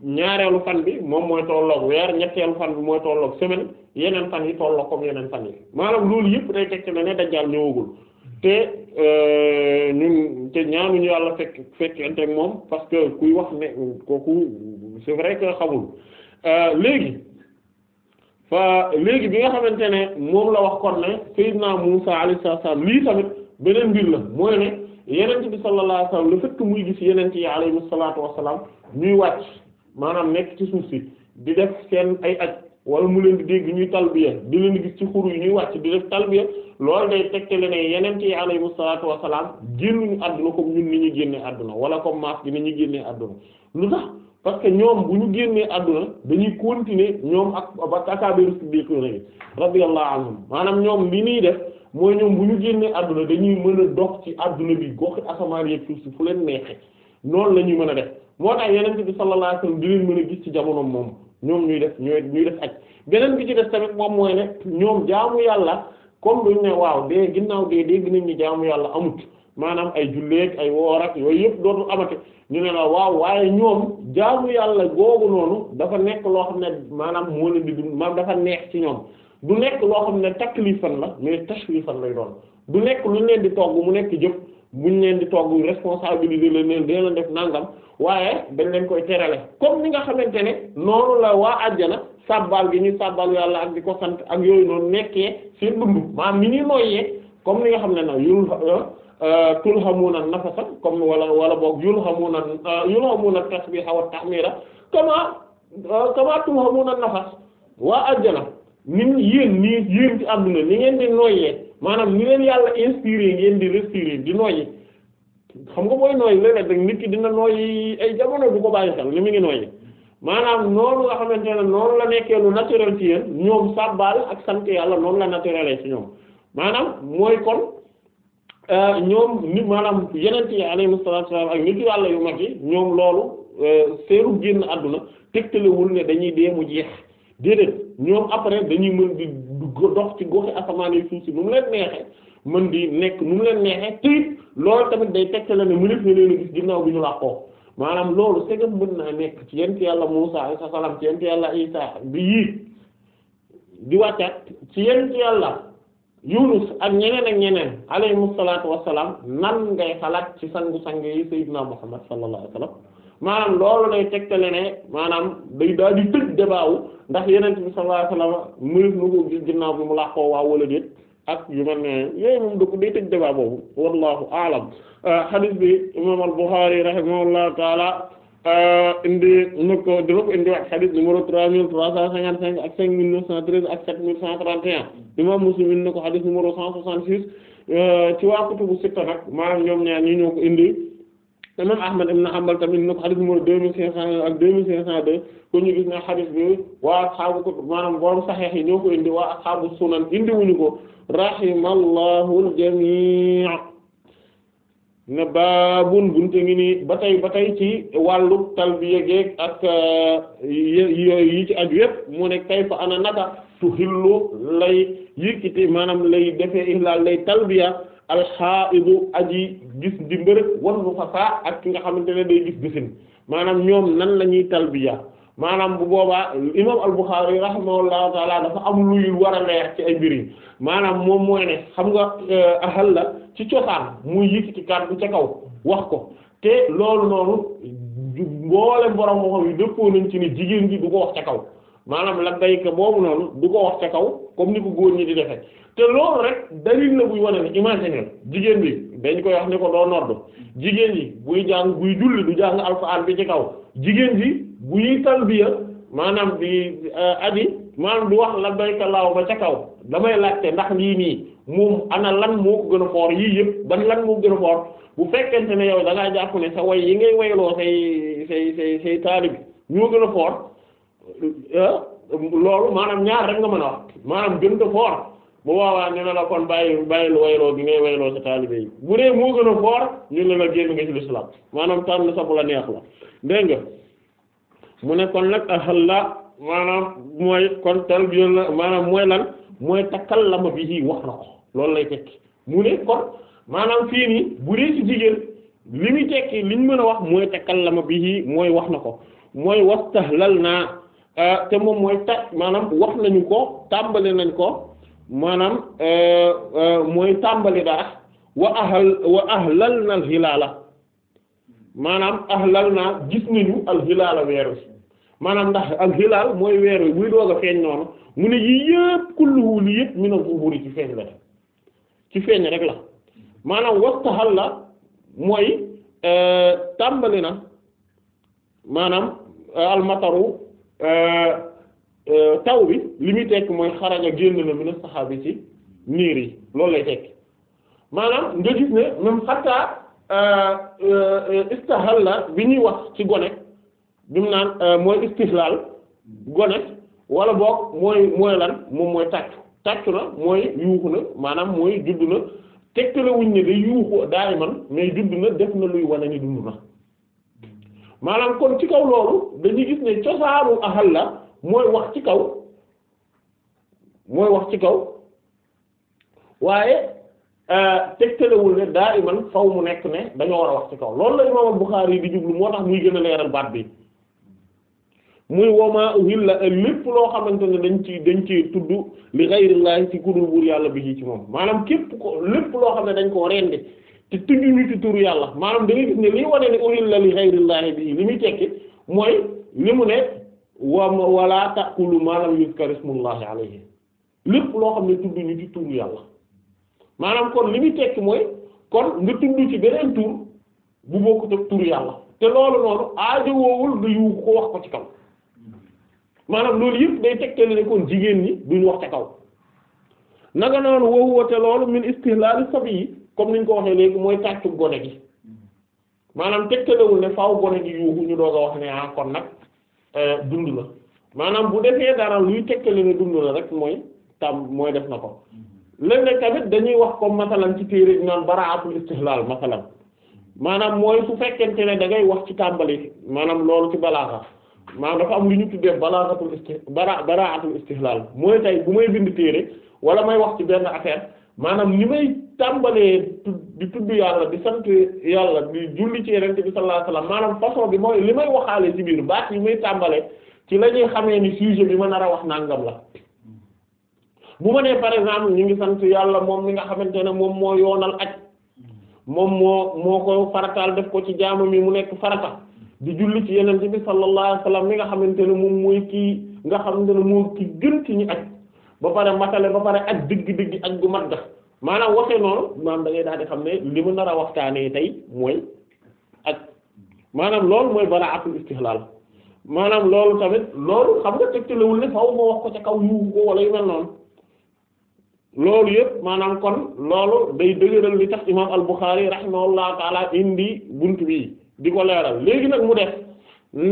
[SPEAKER 2] ñaareelu fan bi moom mooy tolloog weer ñetteelu fan bi mooy tolloog semaine yeneen fan yi tolloog comme yeneen fan yi maanaam loolu yëpp day teg ci ne ne dajjaal ñëwagul te euh, ñun te ñaanuñu yàlla fekk fekkente ak moom parce que kuy wax ne kooku c'est vrai que xamul euh, léegi fa léegi bi nga xamante ne moom la wax kon ne Seydina Musa alayhi salaam lii tamit beneen mbir la mooy ne yenent bi sallallahu alayhi wasallam le muy gis yenent yi alayhi salaatu wasallam ñuy wàcc maanaam nekk ci suuf si di def seen ay aj wala mu leen di dégg ñuy talbiya di leen di gis ci xuru yi ñuy wàcc di def talbiya lool day tegtale ne yeneen yi alayhi salaatu wa salaam génnuñu àdduna comme ñun ni ñu génnee àdduna wala comme maas bi ni ñu génnee àdduna lu tax parce que ñoom bu ñu génnee àdduna dañuy continuer ñoom ak ak akaabiru siddiquna yi radiyallahu anhum maanaam ñoom li nii def mooy ñoom bu ñu génnee àdduna dañuy mën a dox ci àdduna bi gox asamaan yëpp suuf si fu leen neexee noonu la ñuy mën a def. moo tax yeneen bi sallallahu alayhi wasallam di leen mën a gis ci jamono moom ñoom ñuy def ñooy ñuy def aj beneen bi ci def tamit moom mooy ne ñoom jaamu yàlla comme duñ ne waaw dee ginnaaw dee dégg nañ ni jaamu yàlla amut maanaam ay julleek ay woor yooyu yëpp dootul amate ñu ne waaw waaye ñoom jaamu yàlla googu noonu dafa nekk loo xam ne maanaam moo leen di dund maanaam dafa neex ci ñoom du nekk loo xam ne taklifan la mais tashrifan lay doon du nekk lu leen di togg mu nekk jëf buñ leen di togg responsabilité la leen dee leen def nangam waaye dañ leen koy terale comme ni nga xamante ne noonu la waa àjjana sàbbal gi ñuy sàbbal yàlla ak di ko sant ak yooyu noonu nekkee seen dund maanaam ni ñuy nooyyee comme ni nga xam ne nag yul euh, euh, tulhamuna nafasa comme wala wala boog yulhamuna euh, yulhamuna tasbiha wa tahmira kama kama tulhamuna nafas waa àjjana nit yéen nii yéen ci àdduna ni ngeen di nooyyee maanaam ni leen yàlla inspiré ngeen di respirer di noyyi xam nga booy noyyi léeg-léeg rek nit ki dina noyyi ay jamono du ko bàyyi xel li mu ngi noyyi maanaam noonu xamante ne noonu la nekkee lu naturel ci yéen ñoom sàbbaal ak sant yàlla noonu la naturel ci ñoom maanaam mooy kon euh, ñoom ni maanaam yeneen yi alayhi salaatu wassalaam ak nit yàlla yu mag yi ñoom loolu euh, seeru génn àdduna tegtalewul ne dañuy dee mu jeex. déedéet ñoom après dañuy mën di dox ci goxi asamaan yi suuf si nu mu leen neexee mën di nekk nu mu leen neexee te loolu tamit day tegte la ne mënees na leen a gis ginnaaw bi ñu làqoo maanaam loolu segam mën naa nekk ci yent yàlla Muusaa alayhi salaam ci yent yàlla Isaa bi yii di wàccaat ci yent yàlla Yunus ak ñeneen ak ñeneen alayhimu salaatu wassalaam nan ngay xalaat ci sangu-sang yi Sayyidina Muhammad sallallahu alayhi wasallam maanaam loolu lay tegtale ne maanaam day daal di tëj débat ndax yeneen bi sallallahu alayhi wasallam mënees na ko ginnaaw bi mu làqoo waa wala déet ak yu mel ne yooyu moom da ko day tëj débat boobu wallahu aalam euh, hadith bi imam al-Bukhari rahimahullahu taala euh, indi na ko dina ko indi wax hadith numéro trois mille trois cent cinq ak cinq mille neuf cent treize ak sept mille cent trente imam Muslim indi na ko hadith numéro cent soixante six euh, ci waa kutubu sitta nag maanaam ñoom ñaar ko indi imam Ahmad ibn Hanbal tamit na ko xadis numéro deux mille cinq cent ak deux mille cinq ko ñu gis ne xadis bi waa asxaabu ko maanaam borom saxeex yi ñoo ko indi waa asxaabu sunan indi wuñu ko rahimallahu al-jami' ne baabun bunte ngi nii ba tey ba tey ci wàllu talbiya geek ak euh, yi ci aju yépp mu ne kay fa ana naka tu xillu lay yëkkati maanaam lay defee ihlal lay talbiya alxaidu aji gis di mbërëg wan bu fasaa ak ki nga xamante ne day gis gisin maanaam ñoom nan la ñuy talbiya maanaam bu boobaa imam al-Bukhari rahimahullahu taala dafa am luy war a leer ci ay mbir yi maanaam moom mooy ne xam nga eh, ahal la ci cosaan muy yëkkati kàddu ca kaw wax ko te loolu noonu mboolem borom moo xam yu dëppoo nañ ci ne jigéen ji du ko wax ca kaw maanaam la bayka boobu noonu du ko wax ca kaw comme ni ko góor ñi di defee te loolu rek dalil na buy wane ne imaginer jigéen bi dañ koy wax ne ko doo nodd jigéen yi buy jàng buy julli du jàng alxuraan bi ci kaw jigéen ji buy talbiya maanaam di euh, aji maanaam du wax labbayka allahumma ba ca kaw damay laajte ndax lii nii moom ana lan moo gën a foor yii yëpp ban lan moo gën a foor bu fekkente ne yow da ngaa ne sa woy yi ngay wayloo say say say say taalibi ñoo gën a foor euh, loolu maanaam ñaar rek nga mën a wax maanaam gën a foor bu boobaa ñu ne la kon bàyyi bàyyil wayloo gi ngay wayloo sa taalibe yi bu dee moo gën a foor ñu ne la génn nga ci lislaam maanaam tànn sa la neex la dégg mu ne kon nag ahalla maanaam mooy kon tal bi maanaam mooy lan mooy takallama bihi wax na ko loolu lay tekki mu ne kon maanaam fii nii bu dee ci jigéen li muy tekki liñ mën a wax mooy bi bihi mooy wax na ko mooy wastahlalna Euh, te moom mooy taj maanaam wax nañu ko tàmbali nañ ko maanaam euh, euh, mooy tàmbali dara wa ahal wa ahlal na al hilaala maanaam ahlal na gis nañu al hilaala weer wi maanaam ndax al hilaal mooy weer wi buy doog a feeñ noonu mu ne yii yëpp kulluhu li yëpp min al-zuhuri ci feeñ la ci feeñ rek la maanaam wastahal la mooy tàmbali na maanaam almataru Euh, euh, taw bi li muy tekk mooy xaraja génn na mina bi ci niir yi loolu lay tekk maanaam nga gis ne même xataa euh, istahalla bi ñuy wax ci gone bi mu naan mooy istihlaal gone wala boog mooy mooy lan moom mooy tàccu tàccu na mooy yuuxu na maanaam mooy judd na tegtalewuñ ne day yuuxu daay man mais judd na def na luy wane ni dund na maanaam kon ci kaw loolu dañuy gis ne cosaanu ahal la mooy wax ci kaw mooy wax ci kaw waaye euh, tegtalewul ne daa iman faw mu nekk ne dañoo war a wax ci kaw loolu la imaam al-Bukhari yi di jublu moo tax muy gën a leeral baat bi muy woma uhilla lépp loo xamante ne dañ ci dañ ci tudd li ghayrillahi ci kudul buur yàlla bi ci moom maanaam képp ko lépp loo xam ne dañ koo rendi te tudd ñu ci turu yàlla maanaam da ngay gis ne liy wane ne uhilla li ghayrillahi bi li muy tekki mooy li mu ne wa wala taqulu ma lam yuzkar ismullahi alayhi lépp loo xam ne tudd ñu ci turu yàlla maanaam kon li muy tekki mooy kon nga tudd ci beneen tur bu bokkut ak turu yàlla te loolu noonu aajo woowul nga yu ko wax ko ci kaw maanaam loolu yëpp day tegtale ne kon jigéen ñi duñ wax ca kaw naka noonu woowu woote loolu min istihlaal sabi yi comme ni ñu ko waxee léegi mooy tàccu gone gi maanaam tegtalewul ne faw gone gi yuuxu ñu doog a wax ne ah kon nag euh, dund la maanaam bu defee dara luy tegtale ne dund la rek mooy tam mooy def na ko léeg-léeg tamit dañuy wax comme masalan ci téere ñu naan baraatul istihlaal maanaam mooy su fekkente ne da ngay wax ci tàmbali maanaam loolu ci balaaxa maanaam dafa am lu ñu tuddee balaaxatul isti bara baraatul istihlaal mooy tey bu may bind téere wala may wax ci benn affaire maanaam tàmbalee di tudd yàlla di sant yàlla di julli ci yeneen bi sallallahu alayhi wasallam maanaam façon bi mooy li may waxaale ci biir baax yi muy tàmbalee ci la ñuy xamee ni sujet bi ma nar a wax nangam la bu ma nee par exemple ñu ngi sant yàlla moom mi nga xamante ne moom moo yoonal aj moom moo moo ko farataal def ko ci jaamu mi mu nekk farata di julli ci yeneen bi sallallahu alayhi wasallam nga xamante ne moom mooy kii nga xamante ne moo ki gën ci ñu aj ba pare matale ba pare aj dëgg-dëgg aj gu mat ga maanaam waxee noonu maanaam da daal di xam ne li mu nar a waxtaanee tey mooy ak maanaam loolu mooy balaa atul istihlaal maanaam loolu tamit loolu xam nga tegtalewul ne faaw ma wax ko ca kaw yuugu ko wala yu mel noonu loolu yëpp maanaam kon loolu day dëgëral li tax imaam al-Bukhari rahimahullahu taala indi bunt bi di ko leeral léegi nag mu def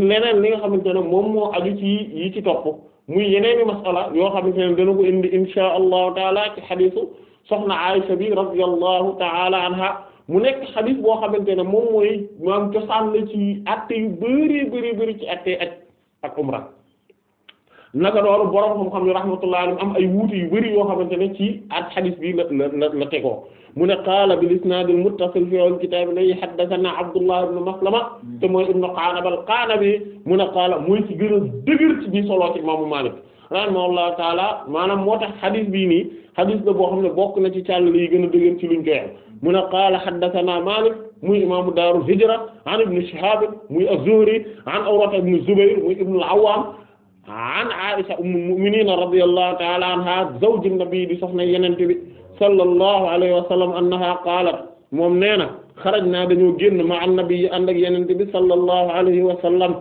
[SPEAKER 2] leneen li nga xamante ne moom moo aju ci yi ci topp muy yeneeni masala yoo xamante ne dana ko indi insha allahu taala ci xadiisu soxna na bi radiyallahu ta'ala mu nekk xadis boo xamante ne moom mooy maam la ci atte yu bari bari ci atte ak ak umra naka loolu borom xam-xam yi rahmatullah alayhim am ay wuute yu bari yoo xamante ne ci at xadis bi la mu ne qaala bil isnaadil muttasil fi al-kitaab lay haddathana Abdullah ibn Maslama te mooy ibn Qa'nab al-Qa'nabi mu ne qaala mooy ci gën a dëgër ci bi solo ci imaamu Maalik rahimahullahu taala maanaam moo tax xadis bii nii. xadis la boo xam ne bokk na ci càll yi gën a dëgër ci luñ koy am mu ne qaala haddathana Maalik muy imaamu daarul hijra an ibn Shihaab muy az-Zuhri an Urwa ibn Zubayr muy ibn al-Awwaam an Aisha ummul mu'miniina radiyallahu ta'ala anha zawjun nabi bi soxna yenente bi sallallahu alayhi wa sallam annaha qaalat moom nee na xaraj naa dañoo génn ma an nabi ànd ak yenente bi sallallahu alayhi wa sallam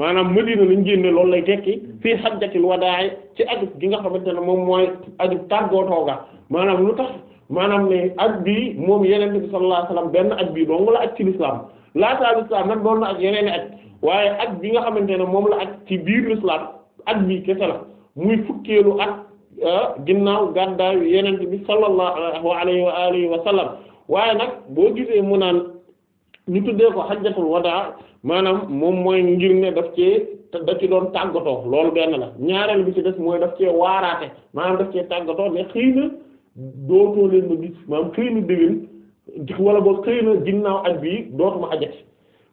[SPEAKER 2] maanaam Madina lañ génne loolu lay tekki fii hajjatil wadaa ci ajub gi nga xamante ne moom mooy ajub tàggootoo ga maanaam lu tax maanaam ne aj bi moom yeneen bi sallallahu alayhi wasallam benn aj bi dong la aj ci l'islam laataa l'islam nag doon na ak yeneen aj waaye aj bi nga xamante ne moom la aj ci biir l'islam aj bii kese la muy fukkeelu ak ah, ginnaaw gàddaayu yeneen bi sallallahu alayhi wa alihi wa sallam waaye nag boo gisee mu naan ñu tuddee ko xajjatul wadaa maanaam moom mooy ngir ne daf cee da ci doon tàggatoo loolu benn la ñaareel bi ci des mooy daf cee waaraate maanaam daf cee tàggatoo mais xëy na dootoo leen wala boog xëy na ginnaaw aj bii dootuma ajati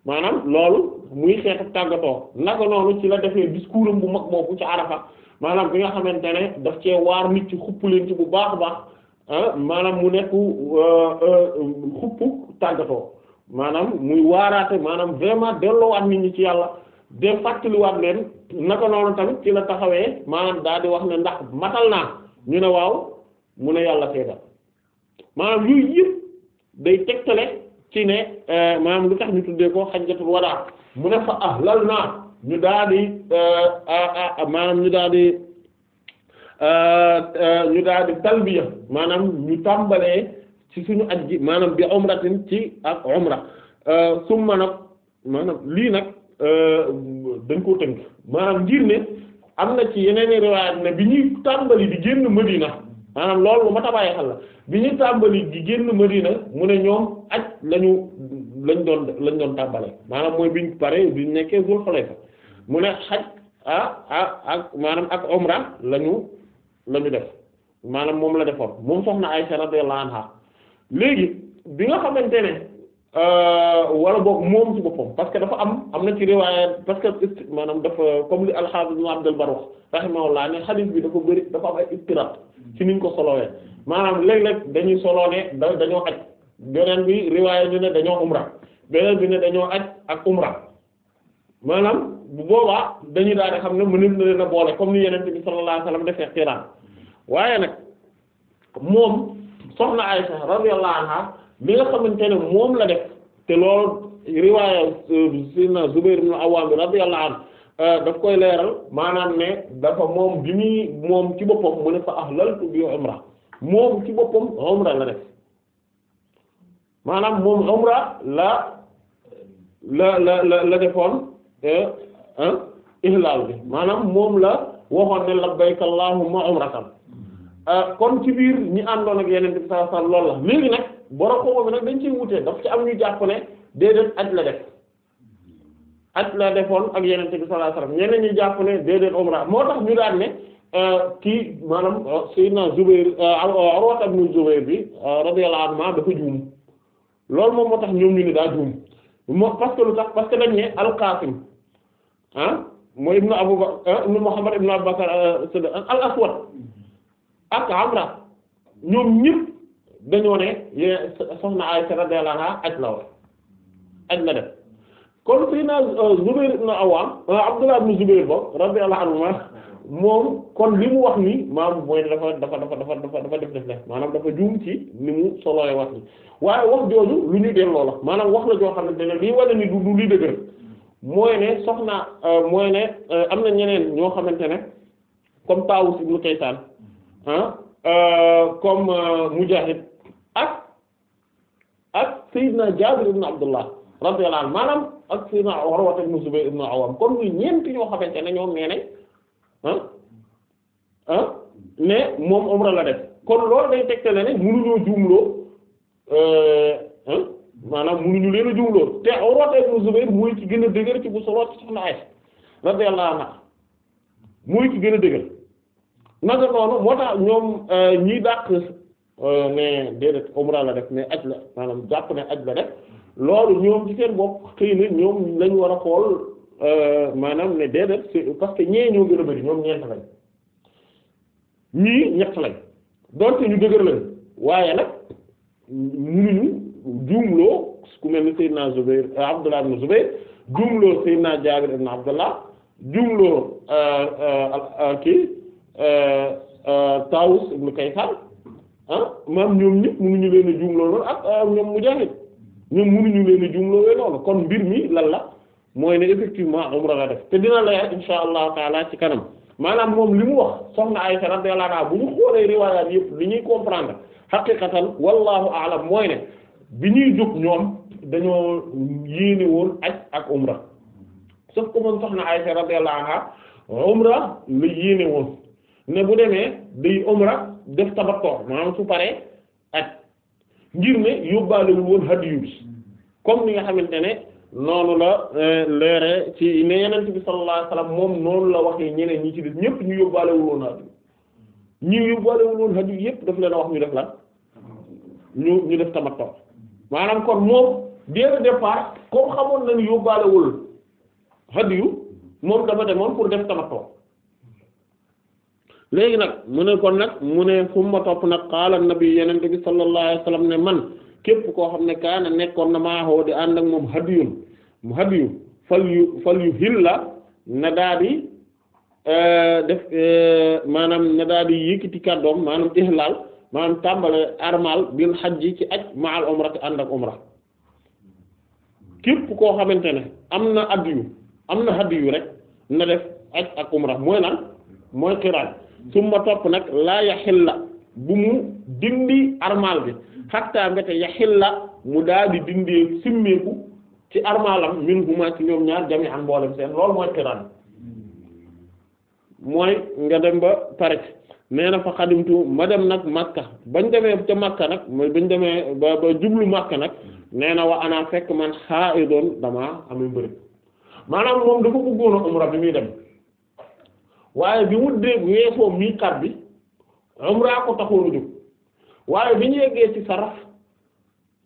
[SPEAKER 2] maanaam loolu muy tàggatoo naka noonu ci la defee discours am bu mag boobu ci Arafa maanaam bi nga xamante ne daf cee waar mi ci xupp leen ci bu baax a baax ah, maanaam mu nekk euh, euh, xupp tàggatoo maanaam muy waaraate maanaam vraiment delloowaat nit ñi ci yàlla de fàttaliwaat leen naka noonu tamit ci la taxawee maanaam daal di wax ne ndax matal naa ñu ne waaw mu ne yàlla seedal maanaam yooyu yëpp day tegtale ci ne euh, maanaam lu tax ñu tuddee ko xajjatul wadaa mu ne fa ahlal naa ñu daal di euh, maanaam ñu daal di euh, ñu daal di talbiya maanaam ñu tàmbalee. ci suñu aj gi maanaam bi umratin ci ak umra euh, summa nag maanaam lii nag euh, dañ koo tënk maanaam ngir ne am na ci yeneen riwaayat ne bi ñuy tàmbali di génn Madina maanaam loolu lu ma tabaayee xel la bi ñuy tàmbali di génn Madina mu ne ñoom aj lañu lañ doon lañ doon tàmbalee maanaam mooy biñ pare biñ nekkee Zul Xulayfa mu ne xaj ah ah ak maanaam ak umra lañu lañu def maanaam moom la defoon moom soxna Aysa radiyallahu anha léegi bi nga xamante ne euh, wala boog moom ci boppam parce que dafa am am na ci riwaaya parce que maanaam dafa comme li al-Hafiz Ibn Abd al-Barr wax rahimahullah ne xadiis bi dafa bëri dafa am ay istiraat ci niñ ko solowee maanaam léeg-léeg dañuy soloo ne da dañoo aj beneen bi riwaaya bi ne dañoo umra beneen bi ne dañoo aj ak umra maanaam bu boobaa dañuy daal xam ne mënees na leen a boole comme yeneen Yonent bi sallallahu alayhi wasallam defee xiraan waaye nag soxna Aysa radiyallahu anha mi nga xamante ne moom la def te loolu riwaaya euh, sidna bi ibn Awwam bi radiyallahu anhu euh, daf koy leeral maanaam ne dafa moom bi muy moom ci boppam mu ne fa ahlaltu bi umra moom ci boppam umra la def maanaam moom umra la la la la defoon euh, ihlaal bi maanaam moom la waxoon ne labbayka allahumma umratan Euh, kon ci biir ñi àndoon ak yeneen bi sallallahu alayhi wasallam la léegi nag borom xooxoo bi nag dañ ciy wutee daf ci am ñu jàpp ne déedéet aj la def aj la defoon ak yeneen bi sallallahu alayhi wasallam ñeneen ñi jàpp ne déedéet umra moo tax ñu daan ne euh, kii maanaam euh, sayyidina Zubayr Urwa ibn Zubayr bi radiyallahu anhu dafa juum loolu moom moo tax ñoom ñu ne daa juum moo parce que lu tax parce que dañ ne al-Qasim ah ibnu Abu Bakr ibnu Muhammad ibnu Abu Bakr al-Aswad ak Amra ñoom ñëpp dañoo ne soxna Aysa radiyallahu anha aj la wax aj la def kon Seydina euh, Zubayr ibn Awwam euh, Abdullah ibn Zubayr bokk radiyallahu anhu moom kon li mu wax ni maam mooy dafa dafa dafa dafa dafa dafa def def def maanaam dafa juum ci ni mu solooy wax ni waaye wax jooju lu ñuy delloo la maanaam wax la joo xamante ne lii wane ni du du li dëgër mooy ne soxna euh, mooy ne am na ñeneen ñoo xamante ne comme Tawus ibn Kaysan Euh, comme euh, Mujaahid ak ak Seydina Jaabir ibn Abdullah radiyallahu anhu maanaam ak Seydina Urwa ibn Zubayr ibn Awwam comme ñu ñeent ñoo xamante ne ñoom nee nañ ah ah ne moom umra la def kon loolu day tegtale ne mënuñoo juumloo euh, maanaam mënuñu leen a juumloo te Urwa ibn Zubayr mooy ci gën a dëgër ci bu solo ci soxna Aysa radiyallahu anha mooy ci gën a dëgër. naka noonu moo tax ñoom euh, ñii dàq mais euh, déedéet umra la def mais aj la maanaam jàpp ne aj la def loolu ñoom ci seen bopp xëy na ñoom lañ war a xool euh, maanaam ne déedéet c'est parce que ñee ñoo gën a bari ñoom ñeent lañ ñii ñett lañ donte ñu dëgër lañ waaye nag munuñu juumloo ku mel ni Seydina Zubayr Abdullah ibn Zubayr juumloo Seydina Jaabir ibn Abdullah juumloo kii Euh, euh, Tawus ibn Kaysar ah maam ñoom ñëpp mënuñu leen a juumloo ak euh, ñoom Mujaahid ñoom mënuñu leen a juumloo wee kon mbir mi lan la mooy ne effectivement umra la def te dina leer insha allahu taala ci kanam maanaam moom li mu wax soxna Aysa radiyallahu anha bu ñu xoolee riwaayaat yëpp li ñuy comprendre xaqiqatan wallahu aalam mooy ne bi ñuy jóg ñoom dañoo yéene woon aj ak umra sauf que moom soxna Aysa radiyallahu anha umra la yéene woon ne bu demee day umra def tabattu maanaam su paree ak ngir ne yóbbaalewul woon hadiyu bi comme ni nga xamante ne noonu la euh, leere ci ne yenent bi sallallahu alayhi moom noonu la waxee ñeneen ñi ci des ñépp ñu yóbbaalewul woon hadiyu ñi yóbbaalewul woon hadiyu yépp daf leen a wax ñu def la ñu ñu def tamattu maanaam kon moom dès le départ comme xamoon nañu yóbbaalewul hadiyu moom dafa demoon pour def tamattu léegi nag mu ne kon nag mu ne summa topp nag qaala nabi yenente bi sallallahu alayhi wasallam ne man képp koo xam ne kaana nekkoon na maahoo di ànd moom hadiyun mu hadiyu fal yu fal yu hilla na daa euh, def euh, maanaam na daa di yëkkati kàddoom maanaam ihlaal maanaam tàmbale armal bil hajji ci aj ma'al umra umra képp koo xamante ne am na hadiyu am na hadiyu rek na def aj ak umra mooy lan mooy xiraan summa topp nag laa la bu mu dindi armal bi xatta mbete la mu daal di dindee simmeeku ci armalam min huma ci ñoom ñaar jami am mboolem seen loolu mooy xiran mooy nga dem ba pare nee na fa xadimtu ma dem nag Makka bañ demee ca Makka nag mooy bañ demee ba ba jublu Makka nag nee na wa ana fekk man xaa doon damaa amee mbërëg maanaam moom dafa bëggoon a umra bi muy dem waaye bi mu dee weesoo miqaat bi umra ko taxoon a jóg waaye bi ñu yeggee ci saraf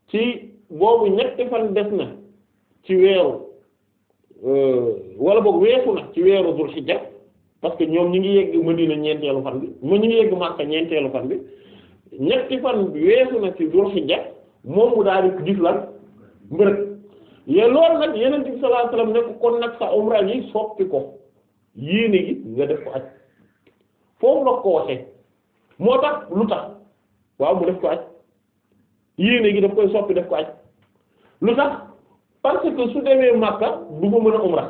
[SPEAKER 2] ci boobu ñetti fan def na ci weeru euh, wala boog weesu na ci weeru dul xijja parce que ñoom ñi ngi yegg Madina ñeenteelu fan bi mu ñu ngi yegg Makka ñeenteelu fan bi ñetti fan weesu na ci dul xijja moom mu daal di gis lan mbërëg ye loolu nag yeneen bi sallallahu alayhi wasallam ko kon nag sa umra yi soppi ko yéene gi nga def ko aj foofu la ko waxee moo tax lu tax waaw mu def ko aj yéene gi daf koy soppi def ko aj lu tax parce que su demee Makka du ko mën a umra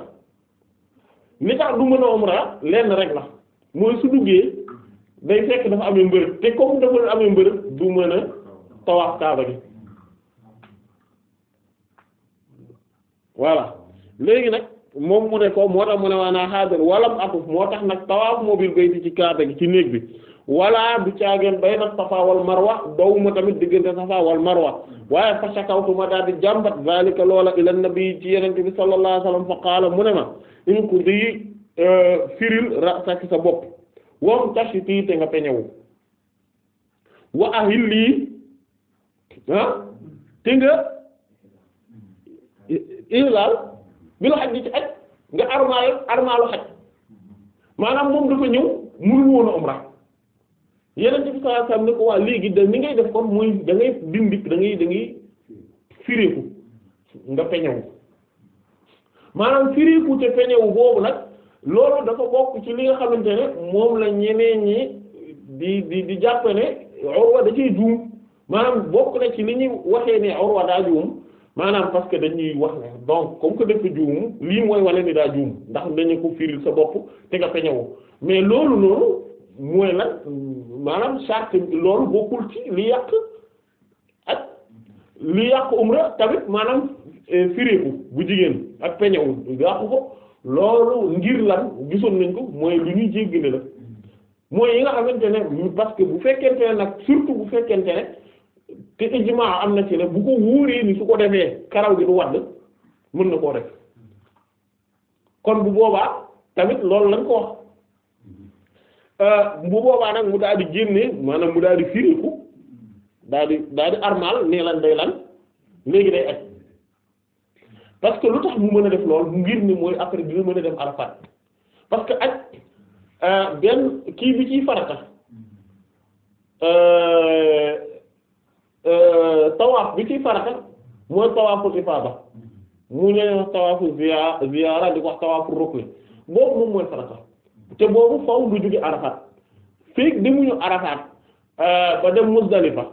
[SPEAKER 2] li tax du mën a umra lenn rek la mooy su duggee day fekk dafa amee mbërëb te comme dafa amee mbërëb du mën a tawaaf kaaba gi voilà léegi nag moom mu ne moo tax mu ne moo tax nag tawaaf ci kaaba gi ci néeg bi wala bu caageen bay nag safa wal marwa daw tamit diggante safa marwa waaye fa shakawtuma daal di jàmbat zalika loola ila nabi ci yenente bi sallallahu alayhi wasallam fa qaala mu ma in ko di euh, firil rasaki sa bopp wam tashiti te nga peñewu wa ahilli ah te nga ilaal bi la xaj di ci aj nga armaal armaalu xaj maanaam moom dafa ñëw mënul woon a umra yeneen bi sallallahu alayhi ko waa léegi da ni ngay def kon muy da ngay dangay da ngay nga peñewu maanaam firéeku te peñewu boobu nag loolu dafa bokk ci li nga xamante ne moom la ñeneen ñi di di di jàpp ne Urwa da ciy juum maanaam bokk na ci li ñuy waxee ne Urwa daa maanaam parce que dañuy wax ne donc comme que dafa juum lii mooy wane ni daa juum ndax dañu ko firil sa bopp te nga peñewu mais loolu noonu mooy lan maanaam charte loolu bokkul li yàq ak li yàq umra maanaam eh, fireeku bu jigéen ak peñewu yàqu ko loolu ngir lan gisoon nañ ko mooy lu ñuy jéggale la mooy yi nga xamante ne parce que bu fekkee ne nag surtout bu fekkente ne te ijmaa am na ci ne bu ko wóoree ni su ko defee karaw gi du wadd mën na koo def kon bu boobaa tamit loolu lañ ko wax euh, bu boobaa nag mu daal di génne maanaam mu daal di firiku daal di daal di armal léegi day aj parce que lu tax mu mën a def lool mu ngir ni mooy après dina mën a dem Arafat parce que aj euh, benn kii bi ciy farata euh, Euh, tawaaf bi ci farata mooy tawaaful ifaada mu ne wax tawaaful ziyaara di ko wax tawaaful rukn boobu moom mooy farata te boobu faw lu jóge Arafat fii demuñu Arafat euh, ba dem Muzdalifa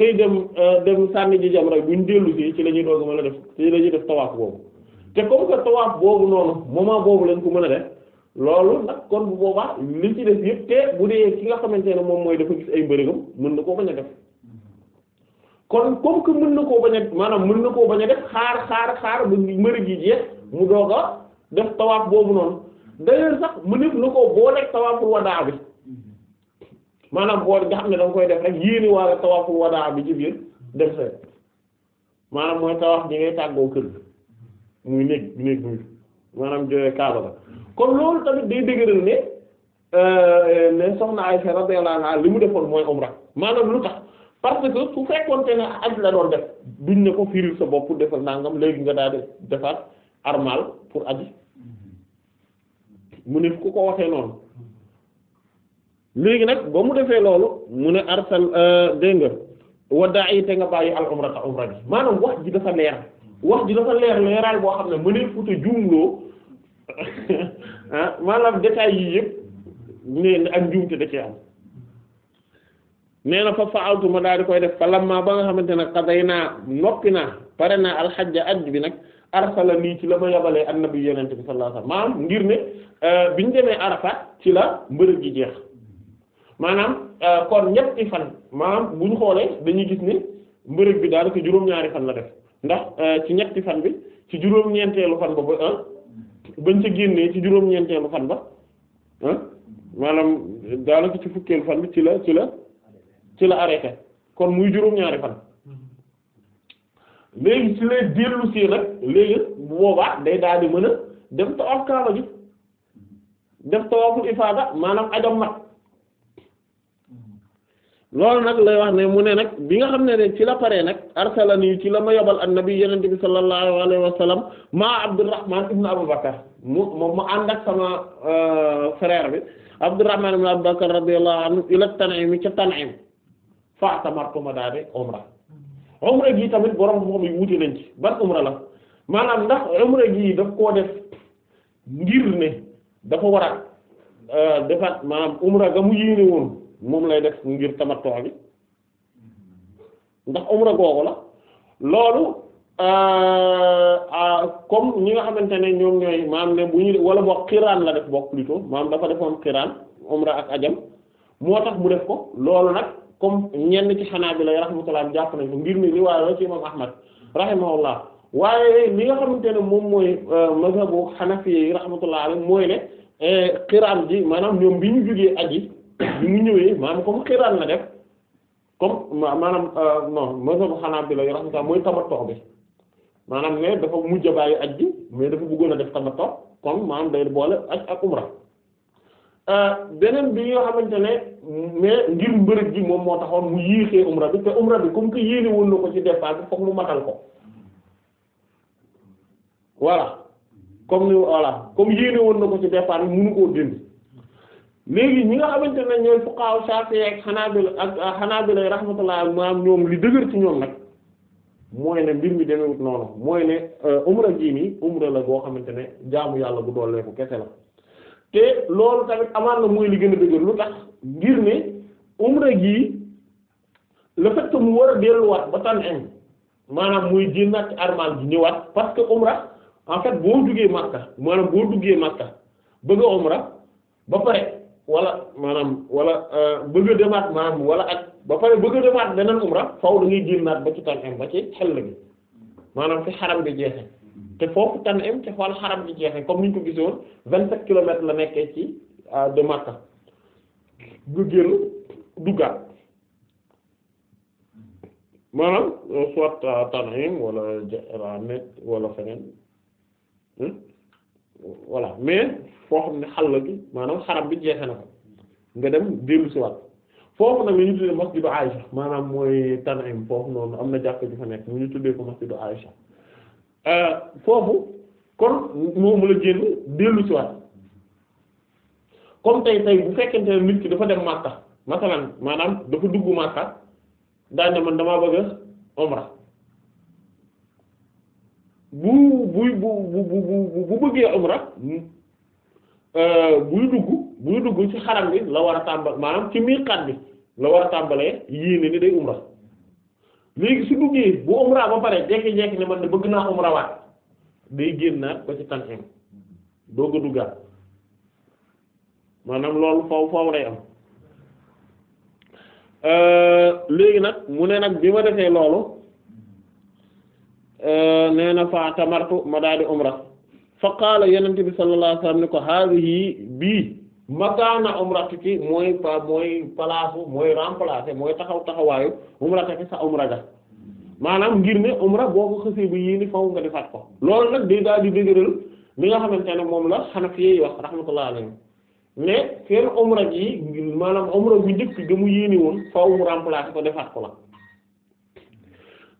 [SPEAKER 2] xëy dem euh, dem sànni ji bu ñu dellu ci ci la ñuy doog mën a def ci la ñuy def tawaaf boobu te comme tawaaf boobu noonu moment boobu lañ ko mën a def loolu nag kon bu boobaa li ci def yëpp te bu dee ki nga xamante ne moom mooy dafa gis ay mbërëgam mën na koo bañ a def kon comme que mën na koo bañ a maanaam mën na koo bañ a def xaar xaar xaar ba mërëg yi jeex mu doo a def tawaaf boobu noonu d'ailleurs sax mëneef na koo booleeg tawaaful wadaa bi boo nga koy def rek yéene waala tawaaful wadaa bi ci biir def sa maanaam mooy tawaaf bi ngay tàggoo kër muy néeg néeg muy maanaam joxe kaaba la kon loolu tamit day dëgëral ne euh, ne soxna Aysa radiyallahu naa li mu defoon mooy umra maanaam lu tax. parce que su fekkoonte ne aj la doon def duñ ne ko firil sa bopp defal nangam léegi nga daal def defaat armal pour aji mu ne ku ko waxee noonu léegi nag ba mu defee loolu mu ne arsal euh, dégg nga waddaay te nga bàyyi al umra ta umra bi maanaam wax ji dafa leer wax ji dafa leer leeraay boo xam ne mu ne futa juumloo ah, maanaam détails yi yëpp ne ak njuumte da cee am nee na fa faaltu ma daal di koy def fa lamma ba nga xamante ne xaday naa noppi naa pare naa alxajja ajj bi nag arsala nii ci la ma yabalee annabi yonent bi sallallahu alayhi wasallam maanaam ngir ne euh, ñu demee arafat ci la mbërëg gi jeex maanaam euh, kon ñetti fan maanaam bu ñu xoolee dañuy gis ne mbërëg bi daanaka juróom-ñaari fan la def ndax euh, ci ñetti fan bi ci juróom-ñeenteelu fan ba ba bañ ca génnee ci juróom-ñeenteelu fan ba maanaam daanaka ci fukkeelu fan bi ci la ci la ci la arrêté kon muy juróom-ñaari fan léegi ci lay dellu si nag léegi bu boobaa day daal di mën a dem tawaaf kaaba ji def tawaaful ifaada maanaam ajam mat loolu nag lay wax ne mu ne nag bi nga xam ne ne ci la paree nag arsalani ci la ma yobal annabi yenente bi sallallahu alayhi wa sallam maa abdurrahman ibn abubakar mu moom ma ànd ak sama euh, frère bi abdurrahman ibn abubakar radiyallahu anhu ila Tan'im ca Tan'im fa'tamartu ma daal di umra umra gi tamit borom moom yi wuute nañ ci ban umra la maanaam ndax umra gi daf koo def ngir ne dafa war a euh, defaat maanaam umra ga mu yéene woon moom lay def ngir tamattu bi ndax umra googu la loolu euh, euh, comme ñi nga xamante ne ñoom ñooy maam ne bu ñu wala boog xiraan la def boog plutôt maam dafa defoon xiraan umra ak ajam moo tax mu def ko loolu nag. comme ñenn ci Hanaabila rahmatullah jàpp nañ ko mbir mi riwaaya la ci imam Ahmad rahimahullah waaye li nga xamante ne moom mooy euh, mazhabu Hanafi rahmatullah alayhi mooy ne xiraan euh, ji maanaam ñoom bi ñu jógee aji bi mu ñëwee maanaam comme xiraan la def comme maanaam euh, non mazhabu Hanaabila rahmatullah mooy tamattu bi maanaam ne dafa mujj a bàyyi aj bi mais dafa bëggoon a def tamattu comme maanaam day boole aj ak umra Euh, beneen bi nga xamante ne mais ngir mbërëg ji moom moo taxoon mu yéexee umra bi te umra bi comme que yéene woon na ko ci mu matal ko voilà comme ni comme yéene woon na ko ci départ bi munu koo dindi léegi ñi nga xamante ne ñooy fuqaaw Shaafi'i ak Hanaabila ak euh, Hanaabila rahmatullah maam ñoom li dëgër ci ñoom nag mooy ne mbir mi demewut noonu mooy ne euh, umra ji nii umra la boo xamante ne jaamu yàlla bu dooleeku kese la te loolu tamit amaan na mooy li gën a dëgër lu tax ngir ne umra gii le fait que mu war a delluwaat ba tànn en maanaam muy génnaat ci armal bi ñëwaat parce que umra en fait boo duggee Makka maanaam boo duggee Makka bëgg a umra ba pare wala maanaam wala euh, bëgg a demaat maanaam wala ak ba pare bëgg a demaat beneen umra faaw da ngay génnaat ba ci tànn en ba ci xel bi maanaam fi xaram bi jeexee te foofu Tan'im ci xool xaram bi jeexee comme ni ko gisoon vingt sept kilomètres la nekkee ci euh, de Makka nga génn duggaat maanaam euh, soit euh, Tan'im wala Ja'ranet wala feneen hmm? voilà mais foo xam ne xàll gi maanaam xaram bi jeexee na ko nga dem dellu si waat foofu nag la ñu tuddee masjidu Aïcha maanaam mooy Tan'im foofu noonu am na jàkk ju fa nekk mu ñu tuddee ko masjidu Aïcha Euh, foofu kon moomu la génn dellu ci waat comme tey tey bu fekkente ne nit ki dafa dem Makka masalan maanaam dafa dugg Makka daañu man damaa bëgg a bu buy bu bu bu bu bëggee omra euh, buy dugg buy dugg ci xaram bi la war a tàmbal maanaam ci miiqaat bi la war a tàmbalee yéene ni day umra. léegi su duggee bu umra ba pare jekki-jekki ne man de bëgg naa umra waat day génnaat ba ci tanxim doo ko duggaat maanaam loolu faw faw lay am euh, léegi nag mu ne nag bi ma defee loolu euh, nee na fa tamartu ma daal di umra fa qaala yenente bi sallallahu alayhi wasallam ne ko haadihi bii makaana umratiki mooy pa mooy place mooy remplacer mooy taxaw taxawaayu umratiki sa umra ga maanaam ngir ne umra boo ko xësee ba yéene faw nga defaat ko loolu nag day daal di dëgëral mi nga xamante ne moom la Hanafi yi wax rahmatullah alayhi mais seen umra gi maanaam umra bi njëkk ga mu yéene woon faw mu remplacer ko defaat ko la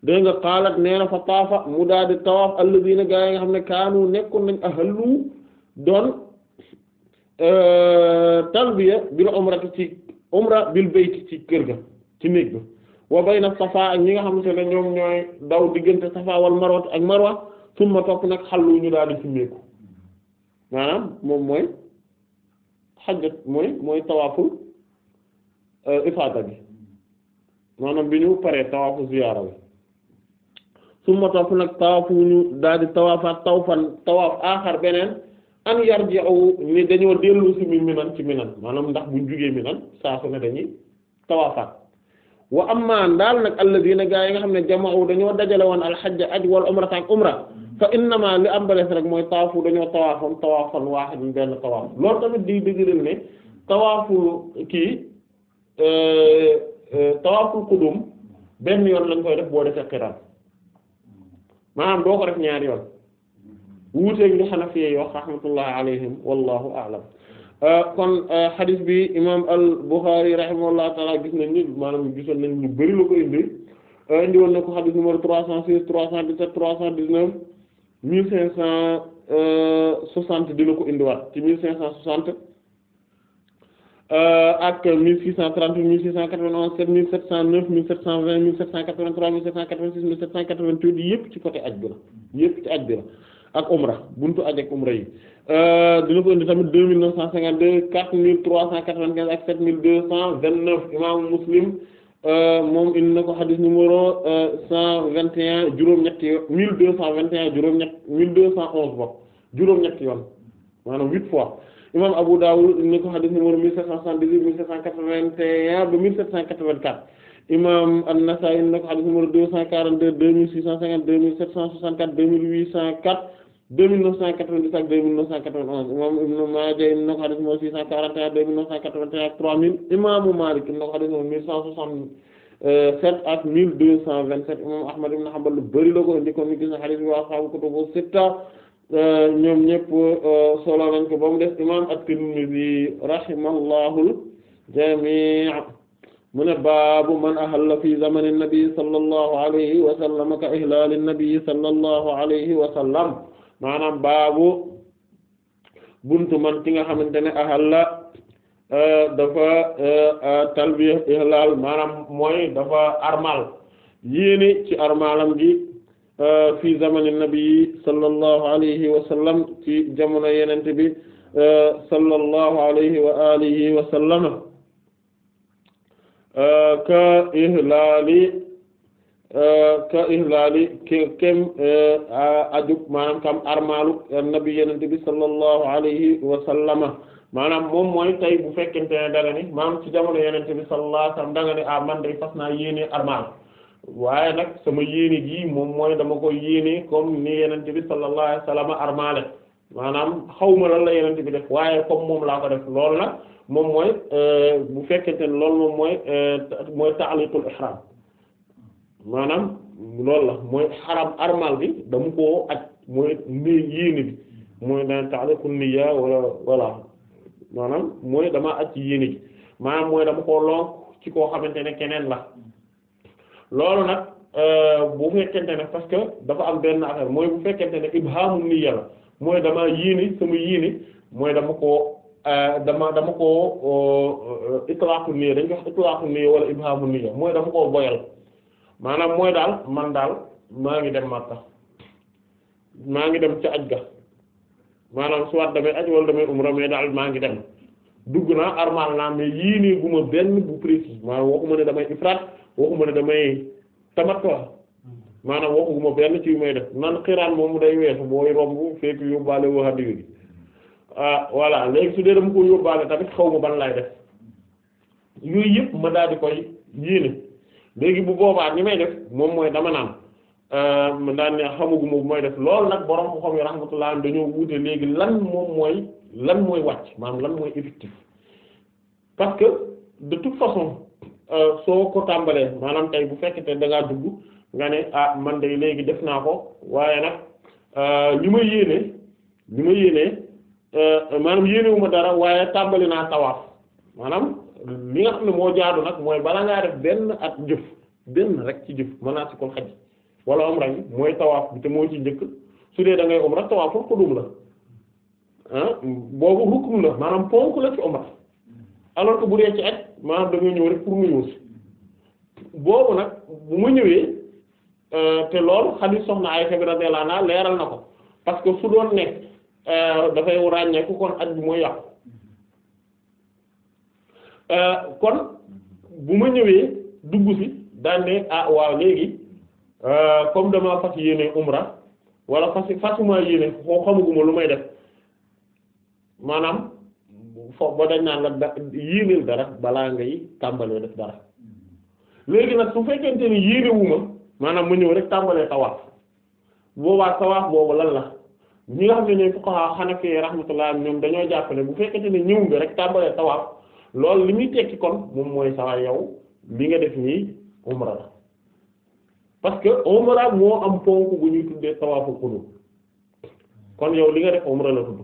[SPEAKER 2] dégg nga xaalat nee na fa taafa mu daal di bii alladina gaa yi nga xam ne kaanu nekkoon nañ ahallu doon Euh, talbiya bil umrati ci umra bil bayt ci kër ga ci néeg ba wa bayna safa ak ñi nga xamante ne ñoom ñooy daw diggante safa wal marwa ak marwa summa topp nag xallu ñu daal di simmeeku maanaam moom bi euh, maanaam bi ñu paree tawaafu ziyaara bi summa topp nag tawaafu ñu daal di tawaafaat tawfan tawaaf aaxar beneen an yarji'u ni dañoo dellu si min minan ci minan maanaam ndax buñ jugee minan saa su ne dañuy tawaafaat wa amma ndaal nag alladina gaa yi nga xam ne jama'u dañoo dajale woon alxajja aj wal umrata ak umra fa innama li am balees rek mooy tawaafu dañoo tawaafam tawaafan waaxidun benn tawaaf loolu tamit di dëgëral ne tawaafu kii euh, euh, tawaaful qudum benn yoon lañ koy def boo defee xiraan maanaam doo ko def ñaari yoon wuuteeg li xanafiye yo rahmatullahi alayhim wallahu a'lam euh, kon xadis euh, bi imam al Bukhari rahimahullahu taala gis nañ ni maanaam gisoon nañ lu bari la ko indi euh, indi woon na ko xadis numéro trois cent six trois cent dix cinq cent soixante dina ko indiwaat ci mille cinq cent soixante ak mille six cent trente-huit mille cent quatre-vingt-onze sept mille sept cent neuf mille sept cent quatre-vingt-trois mille sept cent quatre-vingt-six mille sept cent quatre-vingt-huit yëpp ci côté aj bi la yëpp ci aj bi la ak umra buntu aj ak umra yi euh, dina ko indi tamit deux mille neuf cent cinquante deux quatre mille trois cent quatre vingt quinze ak sept mille deux cent vingt neuf imaamu Muslim euh, moom indi na ko xadis numéro euh, cent vingt et un juróom-ñetti yoon mille deux cent vingt et un juróom-ñett mille juróom-ñetti yoon maanaam huit fois imam Abu Dawud indi ko xadis numéro mille sept cent quatre-vingt-un ba mille sept cent quatre-vingt-quatre imam an indi na ko xadis numéro deux cent quarante 2997 ak 2991 imam Ibn Maaja im na ko xadis moo 641 2981 ak 3000 imaamu Maalik im na ko xadis moo 1167 ak 1227 imam Ahmad ibn Hanbal lu bari la ko indi kon ni gis na xadis bi sitta euh, ñoom ñëpp euh, solo lañ ko ba mu def imam at-Tirmidhi rahimahullahu jamii mu ne baabu man ahalla fi zamani nabi sallallahu alayhi wa sallam ka ihlali nabi sallallahu alayhi wa maanaam baabu buntu man ki nga xamante ne ahalla euh, dafa euh, euh, talbiya ihlal maanaam mooy dafa armal yéene ci armalam gi fi zamani nabi sallallahu alayhi wa sallam ci jamono yenente bi sallallahu alayhi wa alihi wa ka ihlali ka ihlali kem eh, ajug maanaam kam armalu annabi yenente bi sallallahu alayhi wa maanaam moom mooy tey bu fekkee ne danga ni ci jamono yenente bi sallallahu alayhi wa sallam danga ni ah, man day fas naa yéene armal waaye nag sama yéene gi moom mooy dama ko yéene comme ni yenente bi sallallahu alayhi wa maanaam xawma lan la yenente bi def waaye comme moom laa ko def loolu nag moom mooy eh, bu fekkente ne loolu moom mooy eh, mooy ta'liqul maanaam loolu la mooy xaram armal bi dama koo aj mooy nii yéene bi mooy daan ta'liqu niyya maanaam mooy damaa aj ci maanaam mooy dama koo lonk ci koo xamante ne keneen la loolu nag euh, bu fekkente ne parce que dafa am benn affaire mooy bu fekkente ne ibhamu niyya la mooy dama yéene sama yéene mooy dama koo euh, dama dama koo euh, itlaaqu niyya dañ ko wax itlaaqu niyya wala ibhamu niyya mooy dama koo boyal maanaam mooy daal man daal maa ngi dem Makka maa ngi dem ca aj ga maanaam soit damay aj wala damay umra mais daal maa ngi dem dugg naa armal naa mais yii nii guma benn bu précis maanaam waxuma ne damay ifraat waxuma ne damay tamattu maanaam waxuma benn ci may def nan xiraan moom day weesu booy romb fekk yóbbaale woo hadiyu gi ah voilà léegi su dee dama ko yóbbaale tamit xaw ma ban lay def yooyu yëpp ma daal koy yéene léegi bu boobaa ni may def moom mooy dama naan euh, daan ne xamaguma bu may def loolu nag borom ko xam yi rahmatullah dañoo wuute léegi lan moom mooy lan mooy wàcc maanaam lan mooy effectif parce que de toute façon euh, soo ko tàmbalee maanaam tey bu fekkete da ngaa dugg nga ne ah man de léegi def naa ko waaye nag euh, li ma yéene li ma yéene maanaam yéenewuma dara waaye tàmbali naa tawaaf maanaam li nga xam ne moo jaadu nag mooy bala ngaa def benn at jëf benn rek ci jëf manaasikul xaj wala umra yi mooy tawaaf bi te moo ci njëkk su dee da ngay umra tawaaful qudum la ah bu dee ci aj maanaam da nga ñëw rek pour nga ñëwee euh, te lool xadiis soxna Aysa bi radiyallahu anha leeral na ko parce que su doon nekk euh, dafay ràññeeku kon aj bi mooy yàqu Euh, kon bu ma ñëwee dugg si daan ne ah waaw léegi euh, comme dama fas yéene umra wala fas fasuma yéene koo xamaguma lu may def maanaam foofu ba dañ la da yéeneel balaa ngay tàmbalee nag su fekkente ni yéenewuma maanaam ma rek tàmbalee tawaaf boobaa tawaaf boobu lan la ñi nga xam ne ne fuqaha Hanafi rahmatullah ñoom dañoo jàpp ne bu fekkente ne ñëw nga rek tàmbalee tawaaf loolu li muy tekki kon moom mooy saa yow li nga def nii umra la parce que umra moo am ponk bu ñuy tuddee tawaafu qudum kon yow li nga def umra la tudd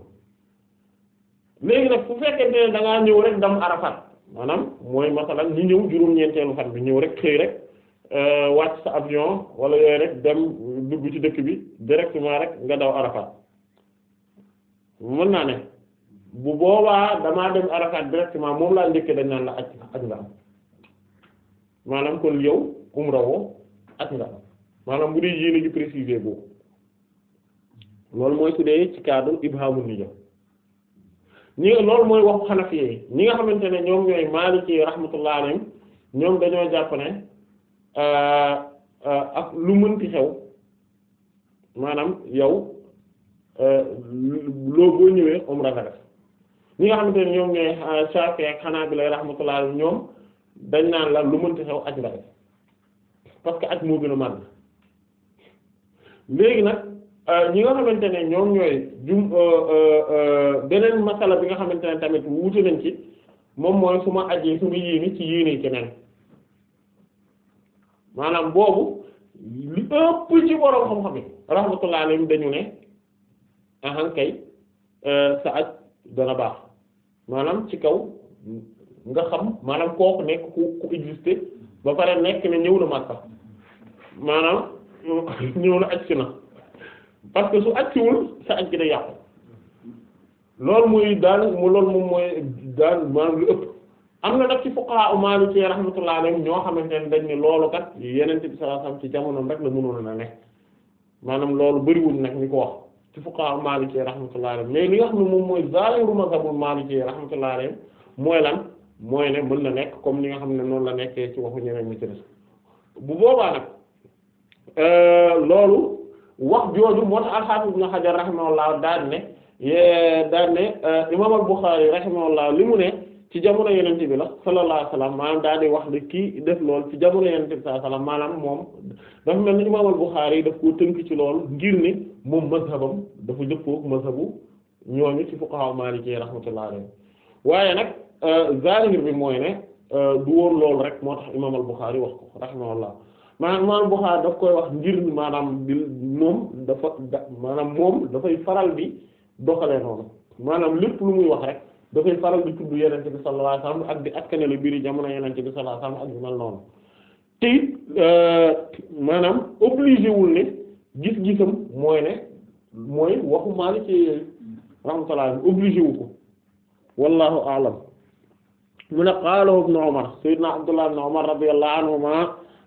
[SPEAKER 2] léegi nag fu fekkente ne da ngaa ñëw rek dam arafat maanaam mooy masalan ñu ñëw juróom-ñeenteelu fan bi ñëw rek xëy rek euh, wàcc sa avion wala yooyu rek dem dugg ci dëkk bi directement rek nga daw arafat mën naa ne. bu boobaa damaa dem arafat directement moom laa njëkke dañ la aj aj nga am maanaam kon yow umra woo aj nga maanaam bu dee yéene ji précisé boobu loolu mooy su dee ci cadre ibhaamul niyya ñi loolu mooy waxu xanafi yi ñi nga xamante ne ñoom ñooy maaliki rahmatullah alayhim ñoom dañoo jàpp ne euh, euh, ak lu mënti xew maanaam yow euh, loo boo ñëwee umra nga def ñi nga xamante ne ñoom ñooy euh, Shafi'i ak Hanabila rahmatullah ñoom dañ naan la lu mënti xew aj la rek parce que aj moo gën a màgg léegi nag euh, ñi nga xamante ne ñoom ñooy euh, beneen masala bi nga xamante ne tamit wuute nañ ci moom mooy su ma ajee su ma yéene ci yéene keneen maanaam boobu li ëpp ci borom xam-xam yi rahmatullah dañu ne ahan kay sa aj dana baax maanaam ci kaw nga xam maanaam kooku nekk ku ku exister ba pare nekk ne ñëw na Makka maanaam ñëw na aj si na parce que su ajsiwul sa aj gi day yàqu loolu muy daal mu loolu moom mooy daal maanaam lu ëpp am na nag ci fuqaha Maalik ci rahmatullah alayhim ñoo xamante ne dañ ne loolu kat yeneen bi sallallahu alayhi ci jamonoom rek la mënoon na nekk maanaam loolu bariwul nag ñu ko wax ci fuqaha maliki rahmatullahi alayhim mais li nga xam ne moom mooy zahiru mazhabul maliki rahmatullahi alayhim mooy lan mooy ne mën na nekk comme ni nga xam ne noonu la nekkee ci waxu ñeneen ñi ci bu boobaa nag euh, loolu wax jooju moo tax al-Hafiz Ibn Hajar rahimahullah daan ne daan ne euh, imaam al-Bukhari li mu ne ci jamono yenente bi la sallallahu alayhi wasallam maanaam daal di wax ne kii def lool ci jamono yenente bi sallallahu alayhi maanaam moom dafa mel ni imaam al yi daf koo tënk ci loolu ngir ne moom mazhabam dafa jëkkook mazhabu ñooñu ci fuqaha maliki rahmatullahi alayhi waaye nag euh, zahir mooy ne euh, du woon loolu rek moo tax imaam al-Bukhari wax ko rahimahullah maanaam imaam daf koy wax ngir maanaam moom dafa maanaam moom dafay faral bi doxalee noonu maanaam lépp lu muy wax rek dafay faral di tudd yenente bi sallallahu ak di askanele biir jamono yenente bi sallallahu alayhi wasallam ak bi mel noonu te it euh, maanaam obligé wul ne gis-gisam mooy ne mooy waxu Maliki yooyu rahmatullah ko wallahu a'lam mu ne qaala ibn Umar sayyidna Abdullah ibn Umar radiyallahu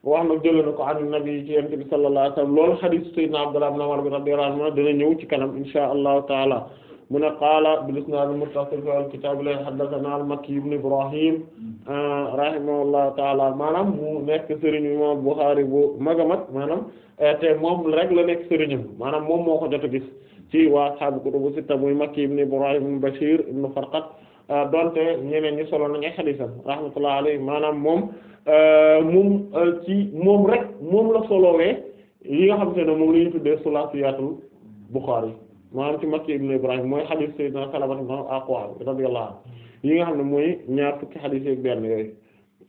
[SPEAKER 2] wax na jëlee na ko an nabi ci yenente bi sallallahu alayhi wasallam loolu xadiis sayyidna Abdullah ibn Umar bi radiyallahu anhuma ñëw ci kanam insha allahu taala mu ne qaala bil isnaad al muttasil fil kitaab la haddathanaa al makki ibn ibrahim mm-hmm. rahimahullahu taala maanaam mu nekk sëriñ imam Bukhari bu maga mag maanaam eh, te moom rek la nekk sëriñam maanaam moom moo ko jot a gis ci waa ashaabu kutubu sitta muy makki ibn ibrahim ibn bashir ibn farqat eh, donte ñeneen ñi solo nañu hadiisam rahmatullahi alayhi maanaam moom eh, moom ci moom rek moom la solowee li nga xam te ne moom la ñuy tuddee sulaasiyatul Bukhari maanaam ci Makki ibn Ibrahim mooy xadis sayyidina Salaba ibn nga xam ne mooy ñaar fukki xadis yooyu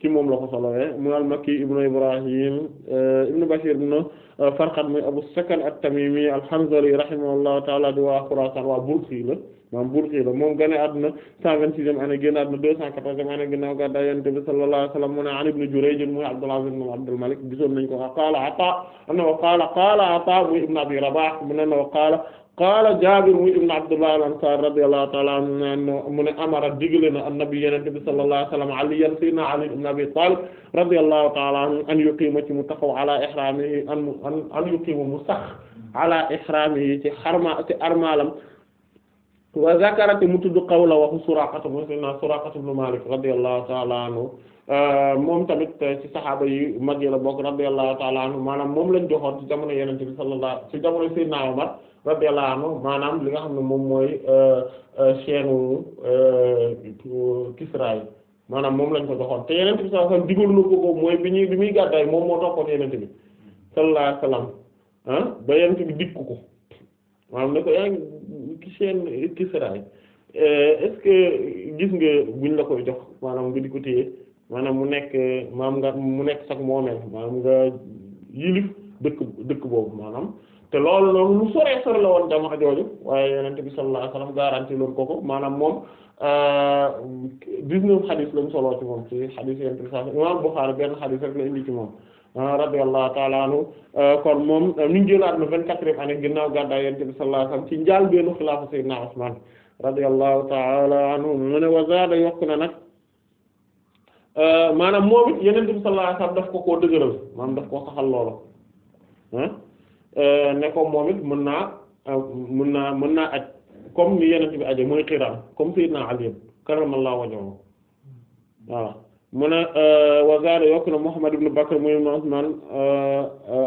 [SPEAKER 2] ci moom la ko solowee mu al-Makki ibn Ibrahim eh, ibn Bashir ibn eh, Farqad muy Abu Sakan at-Tamimi al-Hanzali rahimahullahu ta'ala di waa Khurasan waa Bursi la moom gane àdduna cent vingt-sixième année génn àdduna deux cent quatorzième année ginnaaw gàddaay Yonent bi sallallahu wa sallam mu ne an Ibn Jurayj muy Abdullah ibn Abdul Malik gisoon nañ ko qaala Ataa annahu qaala qaala Ataa muy ibn qaala qaala Jaabir muy ibn Abdullah al-Ansaar radiyallahu ta'ala anhu mu ne amara digle na annabi yenente bi sallallahu alayhi wa sallam Aliyan sayyidina Ali ibn Abi Talib radiyallahu ta'ala anhu an yuqiima ci mu taxaw ala ihramihi an an yuqiima mu sax ala ihramihi ci xarma ci armalam wa zakara mu tudd qawla waxu Suraqata mu sayyidina Suraqata ibn Malik radiyallahu ta'ala anhu euh, moom tamit ci saxaaba yi mag yi la bokk radiyallahu ta'ala anhu maanaam moom lañ joxoon ci jamono yenente bi sallallahu ci jamono sayyidina Umar radiyallahu anhu maanaam li nga xam ne moom mooy euh, euh, chaîne euh, Kisra yi maanaam moom lañ ko doxoon te yeneen bi sallallahu alayhi wasallam digal ko ko mooy bi ñuy bi muy gàddaay moom moo toppoon yeneen bi sallallahu alayhi wasallam ah ba yeneen bi dikk ko nga buñ la koy jox maanaam nga di ko téye maanaam mu nekk maam nga mu nekk sax moomeel maanaam nga yilif dëkk dëkk boobu maanaam te loolu loolu lu soree sore la woon jamono jooju waaye yonent bi sallallahu alayhi wasallam garanti loon ko ko maanaam moom euh, dix-neuf xadis lañ soloo ci moom ci xadis yonent bi sallallahu imam Bukhari benn xadis rek la indi ci moom ah, radiyallahu ta'ala anhu euh, kon moom ñu euh, ngi jëlaat na vingt-quatrième année ginnaaw gàddaay yonent bi sallallahu alayhi wasallam ci njaal bennu xilaafa sayyidina Usman radiyallahu ta'ala anhu mu ne wazada na nag maanaam moom it yonent bi sallallahu alayhi wasallam daf ko koo dëgëral maanaam daf koo saxal loolu Euh, ne ko moom it mën naa euh, mën naa mën naa aj comme ni yeneen bi aje mooy xiraan comme Seydina Ali karamallahu wajhahu waaw mu ne euh, yokk na Muhammad ibn Bakr muy Usman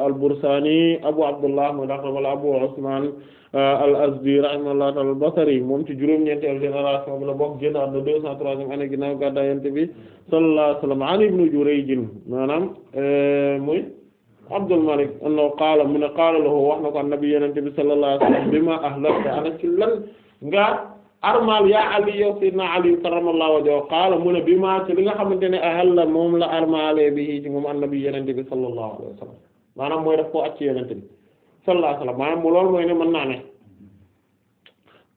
[SPEAKER 2] al-Bursani Abu Abdullah muy dax wala Abu Usman al-Azdi rahimahullahu ta'ala al-Basri moom ci juróom-ñeenteel génération bi la bokk génn àdduna deux cent troisième année ginnaaw gàddaay Yonent bi sallallahu alayhi wa Ibn Jurayj maanaam muy Abdul Malik qaala mu ne qaala lahu wax na ko annabi yenente bi sallallahu alayhi wasallam bima ahlakta ana ci lan nga armal yaa ali yow sayyidina ali karramallahu wajhahu qaala mu ne bima ci li nga xamante ne ahalla moom la armale bi ci moom annabi yenente bi sallallahu alayhi wasallam maanaam mooy daf ko acc yenente bi sallallahu alayhi wasallam maanaam mu loolu mooy ne mën naa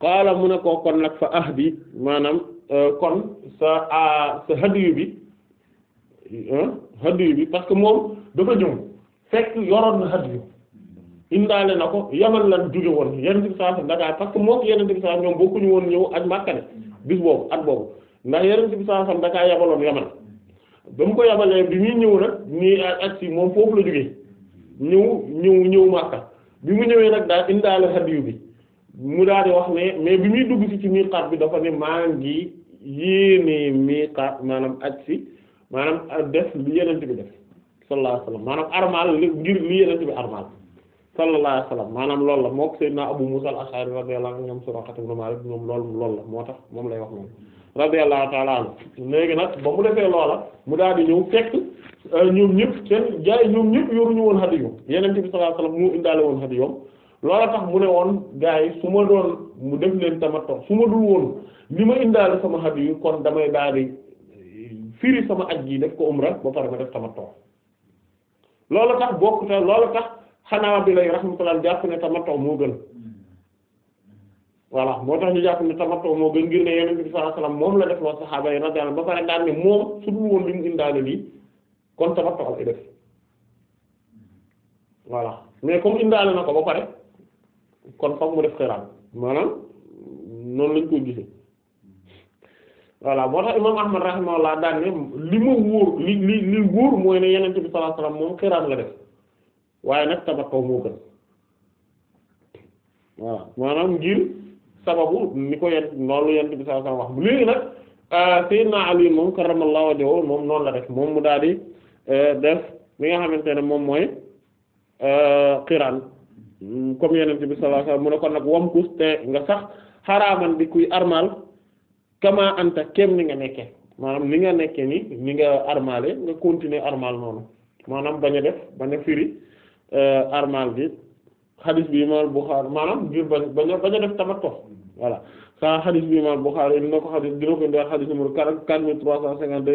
[SPEAKER 2] qaala mu ko kon nag fa ahdi maanaam euh, kon euh, sa hadiyu bi hadiyu bi fekk yoroon na xat yu indaale na ko yaman lan jóge woon yenente bi sallallahu alayhi wasallam Dakar parce que moo ko yenente bi sallallahu alayhi wasallam ñoom bokkuñu woon ñëw ak Makka ne bis boobu at boobu ndax yenente bi sallallahu alayhi yabaloon yaman ba mu ko yabalee bi muy ñëw nag nii ak si moom foofu la jógee ñëw ñëw ñëw Makka bi mu ñëwee nag daal indaale xat bi mu daal di wax ne mais bi muy dugg si ci miqaat bi dafa ne maa ngi yéenee miqaat maanaam aj si maanaam def li bi sallallahu alayhi wa sallam maanaam armal li ngir li yenente bi armal sallallahu alayhi wa sallam maanaam loolu la mook Seydina Abu Musa al-Ash'ari radiyallahu anhu ñoom Suraqat ibn Malik ñoom loolu la moo tax moom lay wax moom radiyallahu ta'ala anhu léegi nag ba mu defee loola mu daal di ñëw fekk euh, ñoom ñëpp seen jaay ñoom ñëpp yoruñu woon hadiyu yenente bi a alayhi wa sallam mu indaale woon tax mu ne woon gars yi su ma doon mu def leen tamattu su ma dul woon li ma indaale sama hadiyu kon damay daal di euh, firi sama aj gi def ko umra ba pare ma def tamattu loolu tax bokk te loolu tax xanaa bi lay rahmatullah jàpp ne tamattu moo gën voilà moo tax ñu jàpp ne tamattu moo gën ngir ne yonent bi sallallahu alayhi moom la def loo saxaaba yi radiyallahu ba pare daan ne moom su mu indaale lii kon tamattu la def voilà mais comme indaale na ko ba pare kon fam mu def xiraan maanaam noonu lañ koy gisee. voilà moo tax imam ahmad rahimahullah daan ne li ma wóor li li li wóor mooy ne yenente bi sallallahu alayhi moom xiraan la def waaye nag tabaxaw moo gën voilà maanaam ngir sababu ni ko yen euh, noonu la def moom mu daal di euh, def li nga xamante ne moom mooy euh, xiraan comme yenente bi sallallahu alayhi wasallam mu ne kon nag wam te nga sax xaraaman bi kuy armal kama anta kem ni nga nekke maanaam ni nga nekke ni ni nga armale nga continuer armal noonu maanaam bañ a def bañ a firi euh, armal bi xadis bi imaam Buxaari maanaam ngir bañ bañ a bañ a def tamattu voilà sa xadis bi imaam Buxaari dina ko xadis dina ko indiwaat xadis numéro quarante quatre cent cinquante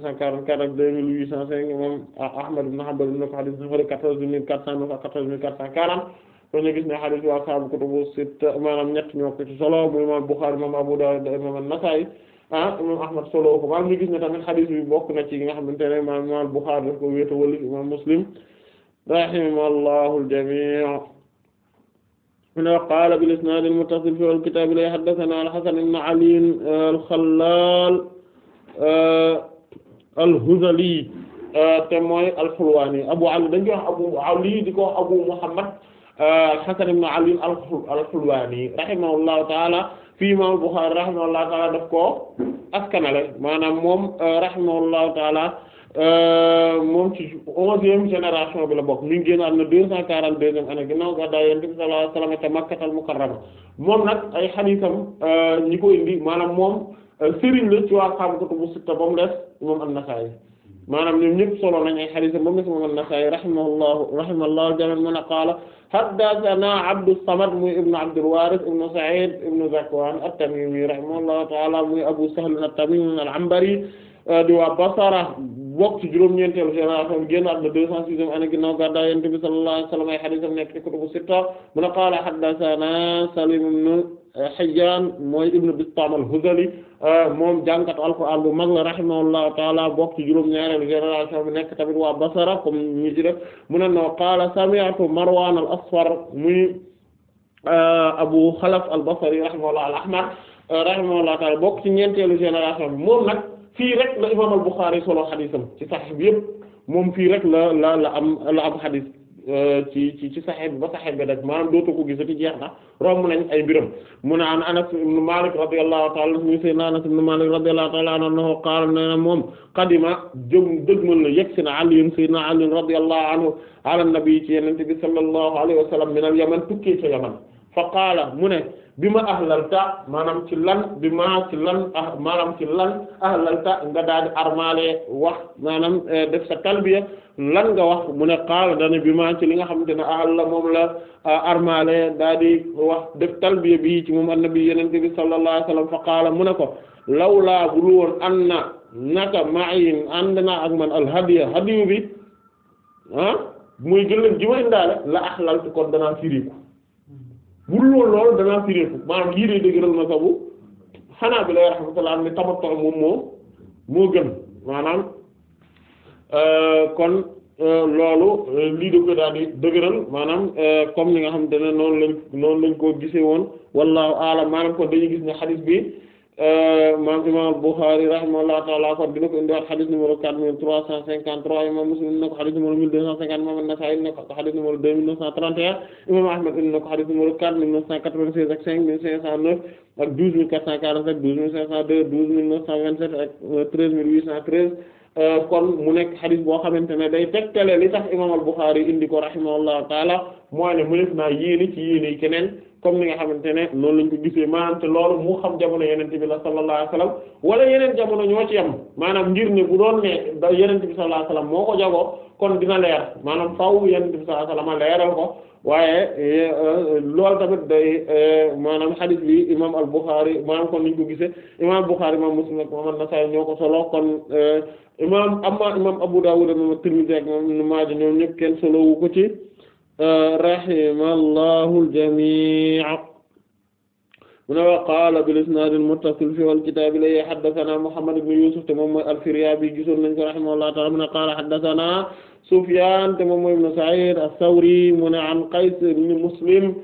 [SPEAKER 2] cent quarante quarante deux mille huit cent cinq imaam Ahmad ibn Hanbal dina ko xadis numéro quatorze mille quatre cent neuf cent quarante kon ñu gis ne hadith bi ashaabu kutubu sitta maanaam ñett ñoo ko ci solo mu imam Bukhari imam Abu imam an ah imam Ahmad solo ko maanaam ñu ne tamit hadith bi bokk na ci nga xamante ne maanaam imam Bukhari daf ko wéeta wëlif imam Muslim rahimallahu al-jami' na qaala bil isnaad al-muttasil fi al-kitaab la haddathanaa al-Hasan ibn Ali al-Khallaal ah, al ah, te mooy al-Hulwaani Abu Ali dañ koy wax Abu Ali di ko Abu Muhammad Hasan ibn Ali al-Hulwani rahimahullahu taala fii imaam Bukhari rahimahullahu taala daf koo askanale maanaam moom euh, rahimahullahu taala euh, moom ci onzième génération bi la bokk mi ngi génn am na deux cent quarante deuxième a ginnaaw gàddaay Yonent bi sallallahu alayhi wasallam ca Makkatal Mukarrama moom nag ay xadiisam euh, ñi ko indi maanaam moom sëriñ la ci waa xam kutubu sitta ba mu des moom an-Nasaa'i maanaam ñoom ñëpp solo nañ ay xadiis moom la imam an-Nasaa'i rahimahullahu rahimahullahu jamii'an mu ne qaala haddasanaa Abdus Samad muy ibnu Abdul Waaris ibnu Sa'iid ibnu Zakwaan at-Tamiimi rahimahullahu ta'aala muy Abu Sahl at-Tamiimi al-Anbari di waa Basra bokk ci juróom-ñeenteelu génération génn àdduna deux cent sixième année ginnaaw gàddaay Yonent bi sallallahu alayhi wa sallam ay xadiisam nekk ci kutubu sitta mu ne qaala haddasanaa Saliim Hayyan mooy ibnu Bistaam al-Huzali euh, moom jàngat alquran bu mag la rahimahullahu taala bokk ci juróom ñaareelu génération bi nekk tamit waa Basra comme ñi ci def mu ne no qaala sami'tu Marwan al-Asfar muy euh, Abu Khalaf al-Basri rahimahullah al-Ahmar euh, rahimahullahu taala bokk ci ñeenteelu génération bi moom nag fii rek la imam al-Bukhari solo xadisam ci Sahih bi yëpp moom fii rek la la la am la am xadis ci ci ci saxee bi ba saxee bi daj maanaam dootoo ko gisati jeex na romb nañ ay mbiram mu ne an Anas ibn Malik radiyallahu ta'ala anhu sayyidina Anas ibn Malik radiyallahu ta'ala anhu qaala nee na moom qadima jëm dëgmal na yegg si na Ali sayyidina Ali radiyallahu anhu ala nabi ci yenente bi sallallahu alayhi wa sallam min al yaman tukkee ca yaman fa qaala mu ne bi ma ahlalta maanaam ci lan bi ma ci lan ah maanaam ci lan ahlalta nga daal di armaale wax maanaam eh, def sa talbiya lan nga wax mu ne qaala dana bi ma ci li nga xamante ne ahalla moom la ah, armaale daal di wax def talbiya bi ci moom annabi yonent bi sallallahu alayhi fa qaala mu ne ko lawlaa bu lu woon an na naka ma'in ànd ak man alhadiya hadiyu bi ah muy gëlëm ji ma indaale la ahlaltu kon danaa firiku bu dul woon loolu danaa firéeku maanaam lii dee dëgëral ma sabu xanaa bi lay rahmatullah am ne tamattu moom moo moo gën maanaam euh, kon euh, loolu euh, lii da ko daal di dëgëral maanaam comme ni nga xam te ne noonu lañ noonu lañ koo gisee woon wallahu aalam maanaam kon dañuy gis ne xadis bi Euh, maam imaam Bukhari rahimahullahu taala kon dina ko indi waat xadis numéro quatre mille trois cent cinquante trois imaam Muslim dina ko xadis numéro deux cent neuf cent trente un imaam Ahmad dina ko xadis numéro quatre mille neuf cent quatre-vingt-seize ak cinq mille cinq cent neuf ak douze mille quatre cent quarante-sept douze mille cinq cent deux douze mille neuf cent vingt-sept ak euh, treize mille huit cent treize euh, kon mu nekk xadis boo xamante ne day tegtale li tax imaam al ko rahimahullahu taala mooy comme ni nga xamante ne noonu lañ ko gisee maanaam te loolu mu xam jamono yeneen bi la sallallahu alayhi wasallam wala yeneen jamono ñoo ci am maanaam ngir ne bu doon ne da yeneen bi sallallahu alayhi wasallam moo ko jagoo kon dina maanaam faaw yeneen bi sallallahu alayhi waaye euh, loolu tamit day euh, maanaam hadith bi imaam al-Bukhari maanaam kon niñ ko gisee imaam al-Bukhari imaam Muslim ak imaam an-Nasa'i ñoo ko solo kon euh, imaam amma imaam Abu Dawud ak imaam at-Tirmidhi ak imaam Ibn Maaja kenn solowu ko ci. rahimallahu al-jamii' mu ne wa qaala bil isnaad al-muttasil fi al-kitaab ilayhi haddasanaa Muhammad ibn Yuusuf te moom mooy al-Firyaabi gisoon nañ ko rahimahullahu ta'aala mu ne qaala haddasanaa Sufyaan te moom mooy ibn Sa'iid ath-Thawri mu ne an Qays ibn Muslim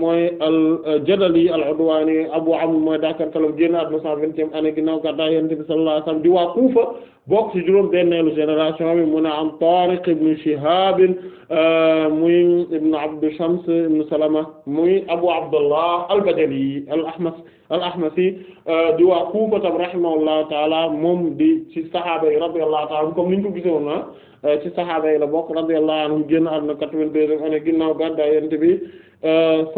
[SPEAKER 2] mooy al-Jadali al-Udwaani Abu Amr mooy daakar kalam génn àdduna 120 ane ginnaaw gàddaay Yonent bi sallallahu alayhi wa sallam di waa Kuufa bokk ci juróom benneelu génération bi mu ne am Tariq ibn Shihab euh, muy ibn Abd Shams ibn Salama muy Abu Abdullah al-Bajali al-Ahmas al-Ahmasi euh, di waa Kufa tam rahimahullahu taala moom di ci saxaaba yi radiyallahu taala comme niñ ko gisoon na ah, euh, ci saxaaba yi la bokk radiyallahu anhum génn àdduna quatre-vingt-deuxième année ginnaaw gàddaay Yonent bi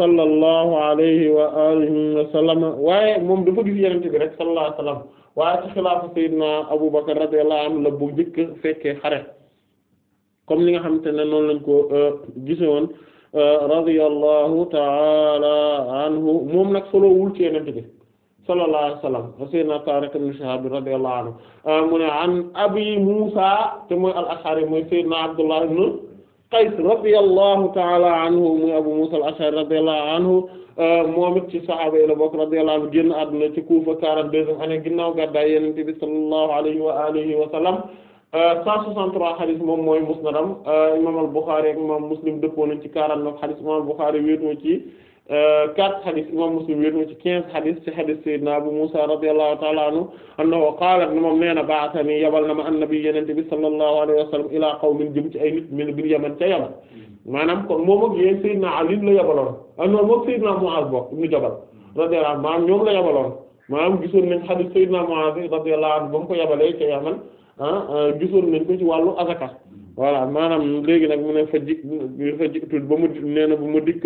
[SPEAKER 2] sallallahu alayhi wa alihi wa sallam waaye moom dafa gis Yonent bi rek sallallahu alayhi wa sallam waaye ci xilaafa Seydina Abubakar radiyallahu anhu la bu njëkk fekkee xare comme ni nga xamante ne noonu lañ ko euh, gise woon euh, radiyallahu ta'ala anhu moom nag solo wul ci yenente bi sallallahu alayhi wasallam Seydina Tariq ibn Shihab radiyallahu anhu euh, mu ne an Abi Musa te mooy al-Ash'ari mooy Seydina Abdullah ibn Qays radiyallahu ta'ala anhu mooy Abu Musa al-Ash'ari radiyallahu anhu Euh, moom it ci sahaaba yi la bokk radiyallahu anhu génn àdduna ci Kufa quarante-deuxième année ginnaaw gàddaay Yonent bi sallallahu alayhi wa alihi wa sallam euh, cent soixante-trois xadis moom mooy musnadam euh, imam al-Bukhari ak imam Muslim dëppoo nañ ci quarante-neuf xadis imam al-Bukhari wéetoo ci quatre xadis imam Muslim wéetoo ci quinze xadis ci xadis Seydina Abu Musa radiyallahu ta'ala anhu annahu qaala moom nee na ba'athani yabal na ma an-nabi bi sallallahu alayhi wa sallam ila qawmin jëm ci ay nit min bil Yaman ca Yaman maanaam kon moom ak yéen Seydina Ali la yabaloon ak ah, noonu moom Seydina Muaz bokk ibn Jabal radiyallahu anhu maanaam ñoom la yabaloon maanaam gisoon nañ hadith Seydina Muaz radiyallahu anhu ba mu ko yabalee ca Yaman ah, ah gisoon nañ ko ci wàllu azaka voilà maanaam léegi nag mu ne fa ji fa ji tuuti ba mu nee na ba mu dikk.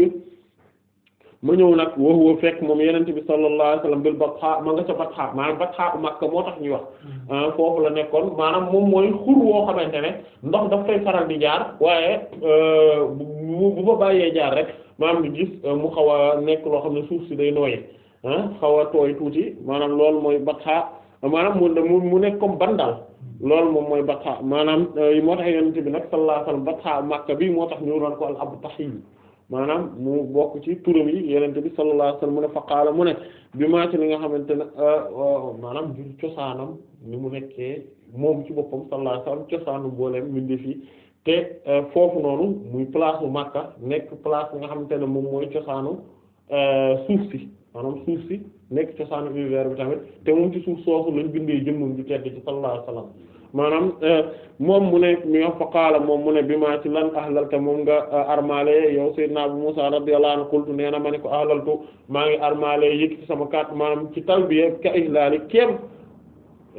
[SPEAKER 2] ma ñëw nag wa huwa fekk moom yenente bi sallallahu alayhi wasallam bil batha ma nga ca batha maanaam batha u Makka moo tax ñuy wax mm. ah, foofu la nekkoon maanaam moom mooy xur woo xamante ne ndox daf faral di jaar waaye euh, bu bàyyee jaar rek maanaam di euh, mu xaw a nekk loo xam ne suuf si day nooye ah xaw a tooy tuuti maanaam loolu mooy batha maanaam mu mu nekk comme bandal loolu moom mooy batha maanaam euh, moo tax yenente bi nag sallallahu alayhi wasallam batha u Makka bi moo tax ñu doon ko al abu maanaam mu bokk ci turam yi yenente bi sallallahu alayhi mu ne fa mu ne bi maa ci li nga xamante ne euh, euh, maanaam jur cosaanam ni mu nekkee moom ci boppam sallallahu alayhi wasallam cosaanum booleem minde fii te euh, foofu noonu muy place u Makka nekk place nga xamante ne moom mooy cosaanu suuf si maanaam suuf si nekk cosaanu univers bi tamit te moom ci suuf soosu lañ bindee moom ju tedd ci sallallahu alayhi wasallam maanaam euh, moom mu ne ñoom fa qaala moom mu ne bi ma ci lan ahlalta moom nga euh, armale yow sayyidna Abu Musa radiyallahu anhu qultu nee na ma ne ko ahlaltu maa ngi armale yëkkati sama kat maanaam ci talbiya ka ihlali kéem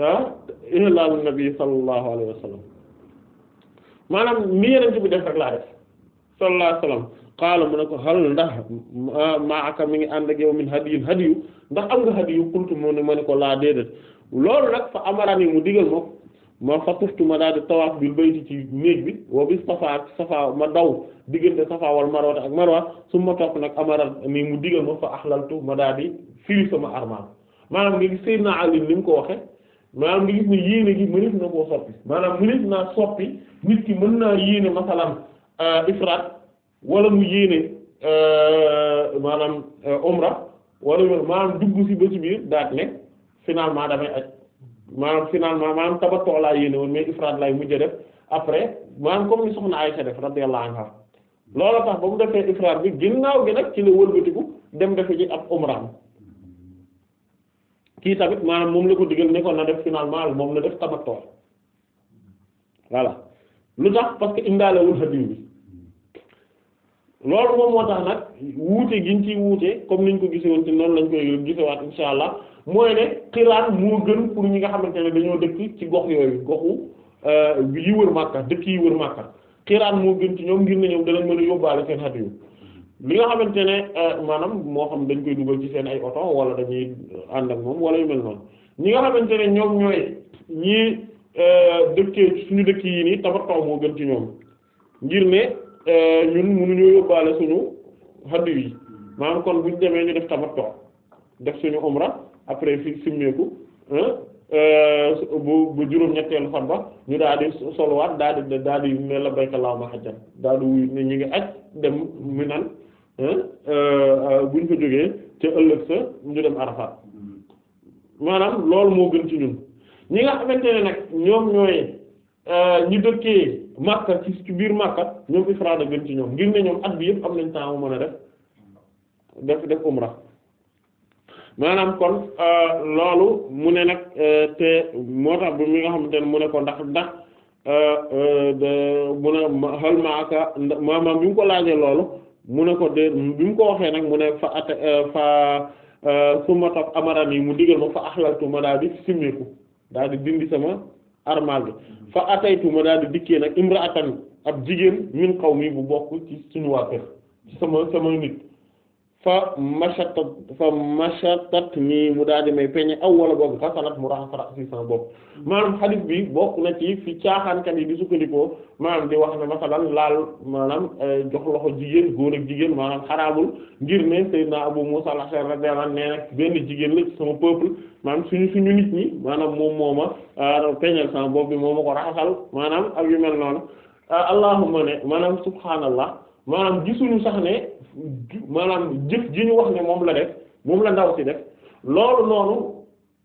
[SPEAKER 2] ah ihlalu nabi sallallahu alayhi maanaam ni yeneen bi def rek laa qaala mu ne ko hal ndax maa aka mi ngi ànd ak yow min hadiyin hadiyu ndax am nga hadiyu qultu mu ne ma ne ko laa déedéet loolu nag fa amarani mu digal moom ma fatuftu ma daal di tawaaf bil bayti ci néeg bi wa bis safa ak ma daw diggante safa wal marwa ak marwa su ma topp nag amaral ni mu digal ma fa axlaltu ma daal di firi sama armal maanaam nga gis Seydina Ali ni mu ko waxe maanaam nga gis ne yéene gi mënees na koo soppi maanaam mënees naa soppi nit ki mën naa yéene masalan euh, ifraat wala mu yéene euh, maanaam euh, umra wala maanaam dugg ci ba ci biir daat ne finalement damay aj maanaam finalement maanaam tabattu laa yéene woon mais ifraad lay mujj def après maanaam comme ni soxna Aysa def radiyallahu anha loolu tax ba mu defee ifraad bi ginnaaw gi nag ci la wëlbatiku dem defe ji ab umraam kii tamit maanaam moom la ko digal ne ko na def finalement moom la def tabattu voilà lu tax parce que indaalewul hadiyu bi loolu moom moo tax nag wuute giñ ciy wuute comme ni ñu ko gisewoon ci noonu lañ koy gisewaat insha allah mooy ne xiraan moo gën pour ñi nga xamante ne dañoo dëkk ci gox yooyu goxu euh, yi wër Makka dëkk yi wër Makka xiraan moo gën ci ñoom ngir ne ñoom danañ mën a yóbbaale seen xat yu li nga xamante ne euh, maanaam moo xam dañ koy dugal ci seen ay oto wala dañuy ànd ak moom wala yu mel noonu ñi nga xamante ne ñoom ñooy ñii euh, dëkkee suñu dëkk yi nii tabatoo moo gën ci ñoom ngir ne Euh, ñun mënuñoo yóbbaale suñu haddu yi maanaam kon buñ demee ñu def tamattu def suñu umra après fi simmeeku euh, bu juróom-ñetteelu fan ba ñu daal di solwaat daal di daal di ne labbayka allahumma hajjan daal di wuy ne ñu ngi aj dem mi nan euh, buñ ko jógee ca ëllëg sa ñu dem Arafat maanaam loolu moo gën ci ñun ñi nga xamante nag ñoom ñooy ñu dëkkee Makka ci biir Makka ñoom ifraada gën ci ñoom ngir ne ñoom at bi yëpp am nañ temps mën a def def def umra maanaam kon euh, loolu mu ne nag euh, te moo tax bi mi nga xamante ne mu ne ko ndax ndax euh, mu ne xel maaka bi mu ko laajee loolu mu ne ko de bi mu ko waxee nag mu ne fa at fa suma top amaran yi mu digal ma fa axlaltu ma daal di simmeeku daal di dindi sama armal bi fa ataytu ma daal di dikkee nag imra'atan ab jigéen min mi bu bokk ci suñu waa kër sama sama nit fa machatat fa machatat nii mu daal di may peñe aw wala boobu fasalat mu raxas raxasi sama bopp mm. maanaam xadis bi bokk na ci fi caaxaankat yi di sukkandikoo maanaam di wax ne masalan laal maanaam eh, jox loxo jigéen góor ak jigéen maanaam xaraamul ngir ne Seydina Abu Musa al-Ash'ari na benn jigéen la ci sama peuple maanaam suñu suñu nit ñi maanaam moom moo ma ah, peñal sama bopp bi moo ma ko raxasal maanaam ak yu mel noonu ah, allahumma ne maanaam subhaanallah maanaam gisuñu sax ne maanaam jëf ji ñu wax ne moom la def moom la ndaw si def loolu noonu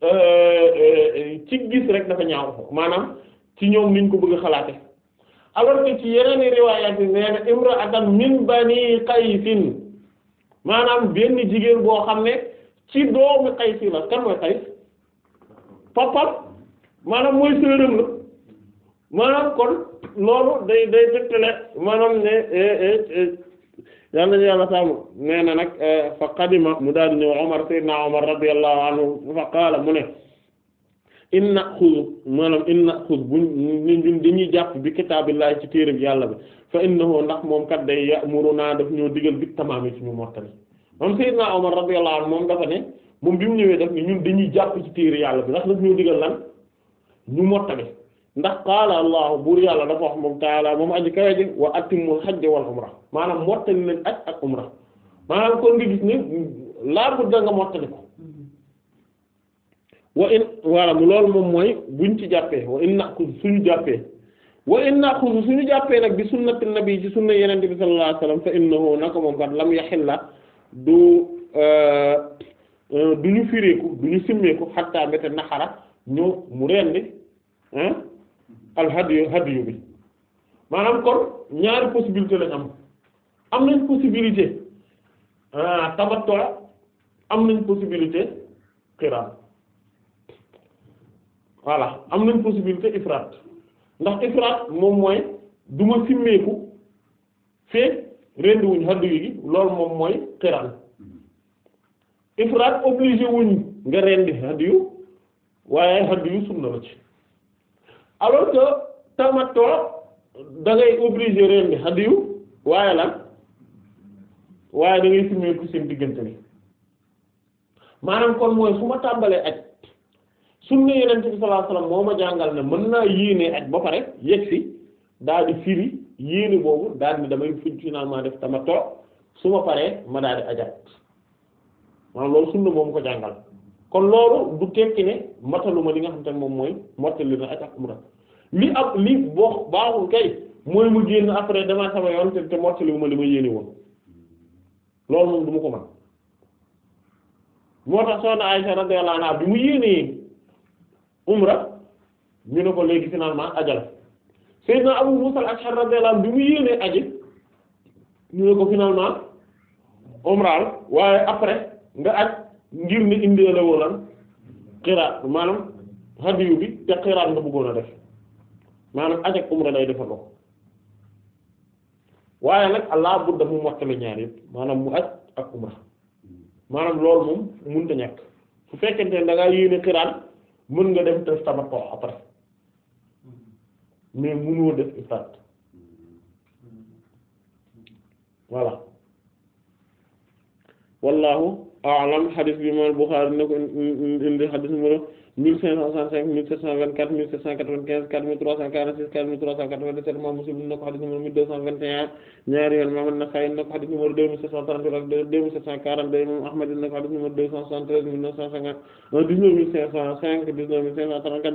[SPEAKER 2] euh, euh, ci gis rek dafa ñaaw maanaam ci ñoom niñ ko bëgg xalaate alors que ci yeneen riwaayaat yi nee na imra'atan min bani qaysin maanaam benn jigéen boo xam ne ci doomu qays la kan mooy qays papa maanaam mooy sërëm la manaam kon loolu day day tëgtale maanaam ne e, e, e, yàlla na yàlla sàmm nee na nag fa qadima mu daal di ñëw Umar sayyidna Umar radiyallahu anhu fa qaala mu ne inna xuzu maanaam inna xuz buñ ñun dañuy jàpp bi kitaabillahi ci téereb yàlla bi fa innahu ndax moom kat day ya'muruna daf ñoo digal bi tamaami ci ñu mottali moom sayyidna Umar radiyallahu anhu moom dafa ne moom bi mu ñëwee daf ne ñun dañuy jàpp ci téere yàlla bi ndax daf ñoo digal lan ñu mottali ndax qaala allahu buur yàlla dafa wax moom taala moom aji kawe ji wa atimmul hajja wal umra maanaam mottali lañ ak umra maanaam kon nga gis ne laa budda nga mottali ko wa in walla loolu moom mooy buñ ci jàppee wa in naquz suñu jàppee wa in naquz suñu jàppee nag bi sunnati nabi ci sunna yeneen bi sallallahu alayhi fa innahu naka moom kat lam yaxilla du euh, euh, du ñu fireeku du ñu simmeeku xatta mbete naxara ñëw mu rendi al hadiyu hadiyu bi maanaam kon ñaari possibilité lañ am am nañ possibilité ah am nañ possibilité xiraan voilà am nañ possibilité ifraat ndax ifraat moom mooy du ma simmeeku fee hadiyu gi loolu moom mooy xiraan ifraat obligé wuñ nga rendi hadiyu waaye hadiyu sunna la ci alors que tamattu da ngay obligé ren bi hadiyu waaye lan waaye da simmeeku seen diggante bi maanaam kon mooy su ma tàmbalee aj sunna Yonent bi sallallahu alayhi wasallam moo ma jàngal ne mën naa yéene aj ba pare yegg si daal di firi yéene boobu daal di damay finalement def tamattu su ma paree ma daal di ajaat maanaam loolu sunna moom ko jàngal kon loolu du tekki ne mataluma li nga xam te ne moom mooy mottali na ak umra li ab li boo baaxul kay mooy mu génn après dama sama yoon te te mottali wu ma li ma yéene woon loolu moom du ko man moo tax soxna Aysa radiyallahu anha bi mu yéenee umra ñu ne ko léegi mu yéenee aji ko finalement umraal waaye après nga aj ngir ni indee la woon lan maanaam hadiyu bi te xiraat nga bëggoon a def maanaam aj ak umra day defandoo waaye nag allah budda mu mottali ñaar yëpp maanaam mu aj ak umra maanaam loolu moom mënut a su fekkente ne da ngaa mën nga def def tamattu après mais mënoo def ifraat voilà wallahu a'lam hadith bi imam Bukhari na ko indi hadith numéro 1565 1724 1795 4346 4397 imam Muslim na ko hadith numéro 1221 ñaari yoon imam An-Nasa'i na ko hadith numéro 2738 ak 2742 imam Ahmad na ko hadith numéro 273 1950 19505 19534 19548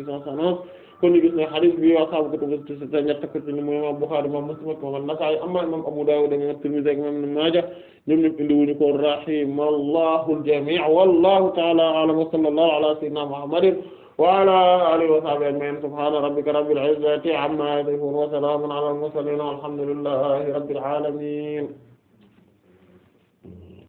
[SPEAKER 2] 19671 kon ñu gis ne hadith bi wa sahabu kutubu sitta ñett ko ci mooy imam Bukhari imam Muslim ak imam Nasa'i amma imam Abu Dawud imam Tirmidhi ak imam Ibn Majah ñoom ñëpp indi wuñu ko rahimallahu al-jami' wallahu ta'ala a'lam wa sallallahu ala sayyidina Muhammadin wa ala alihi wa sahbihi ajma'in subhana rabbika rabbil izzati amma yasifun wa salamun ala al-mursalin walhamdulillahi rabbil alamin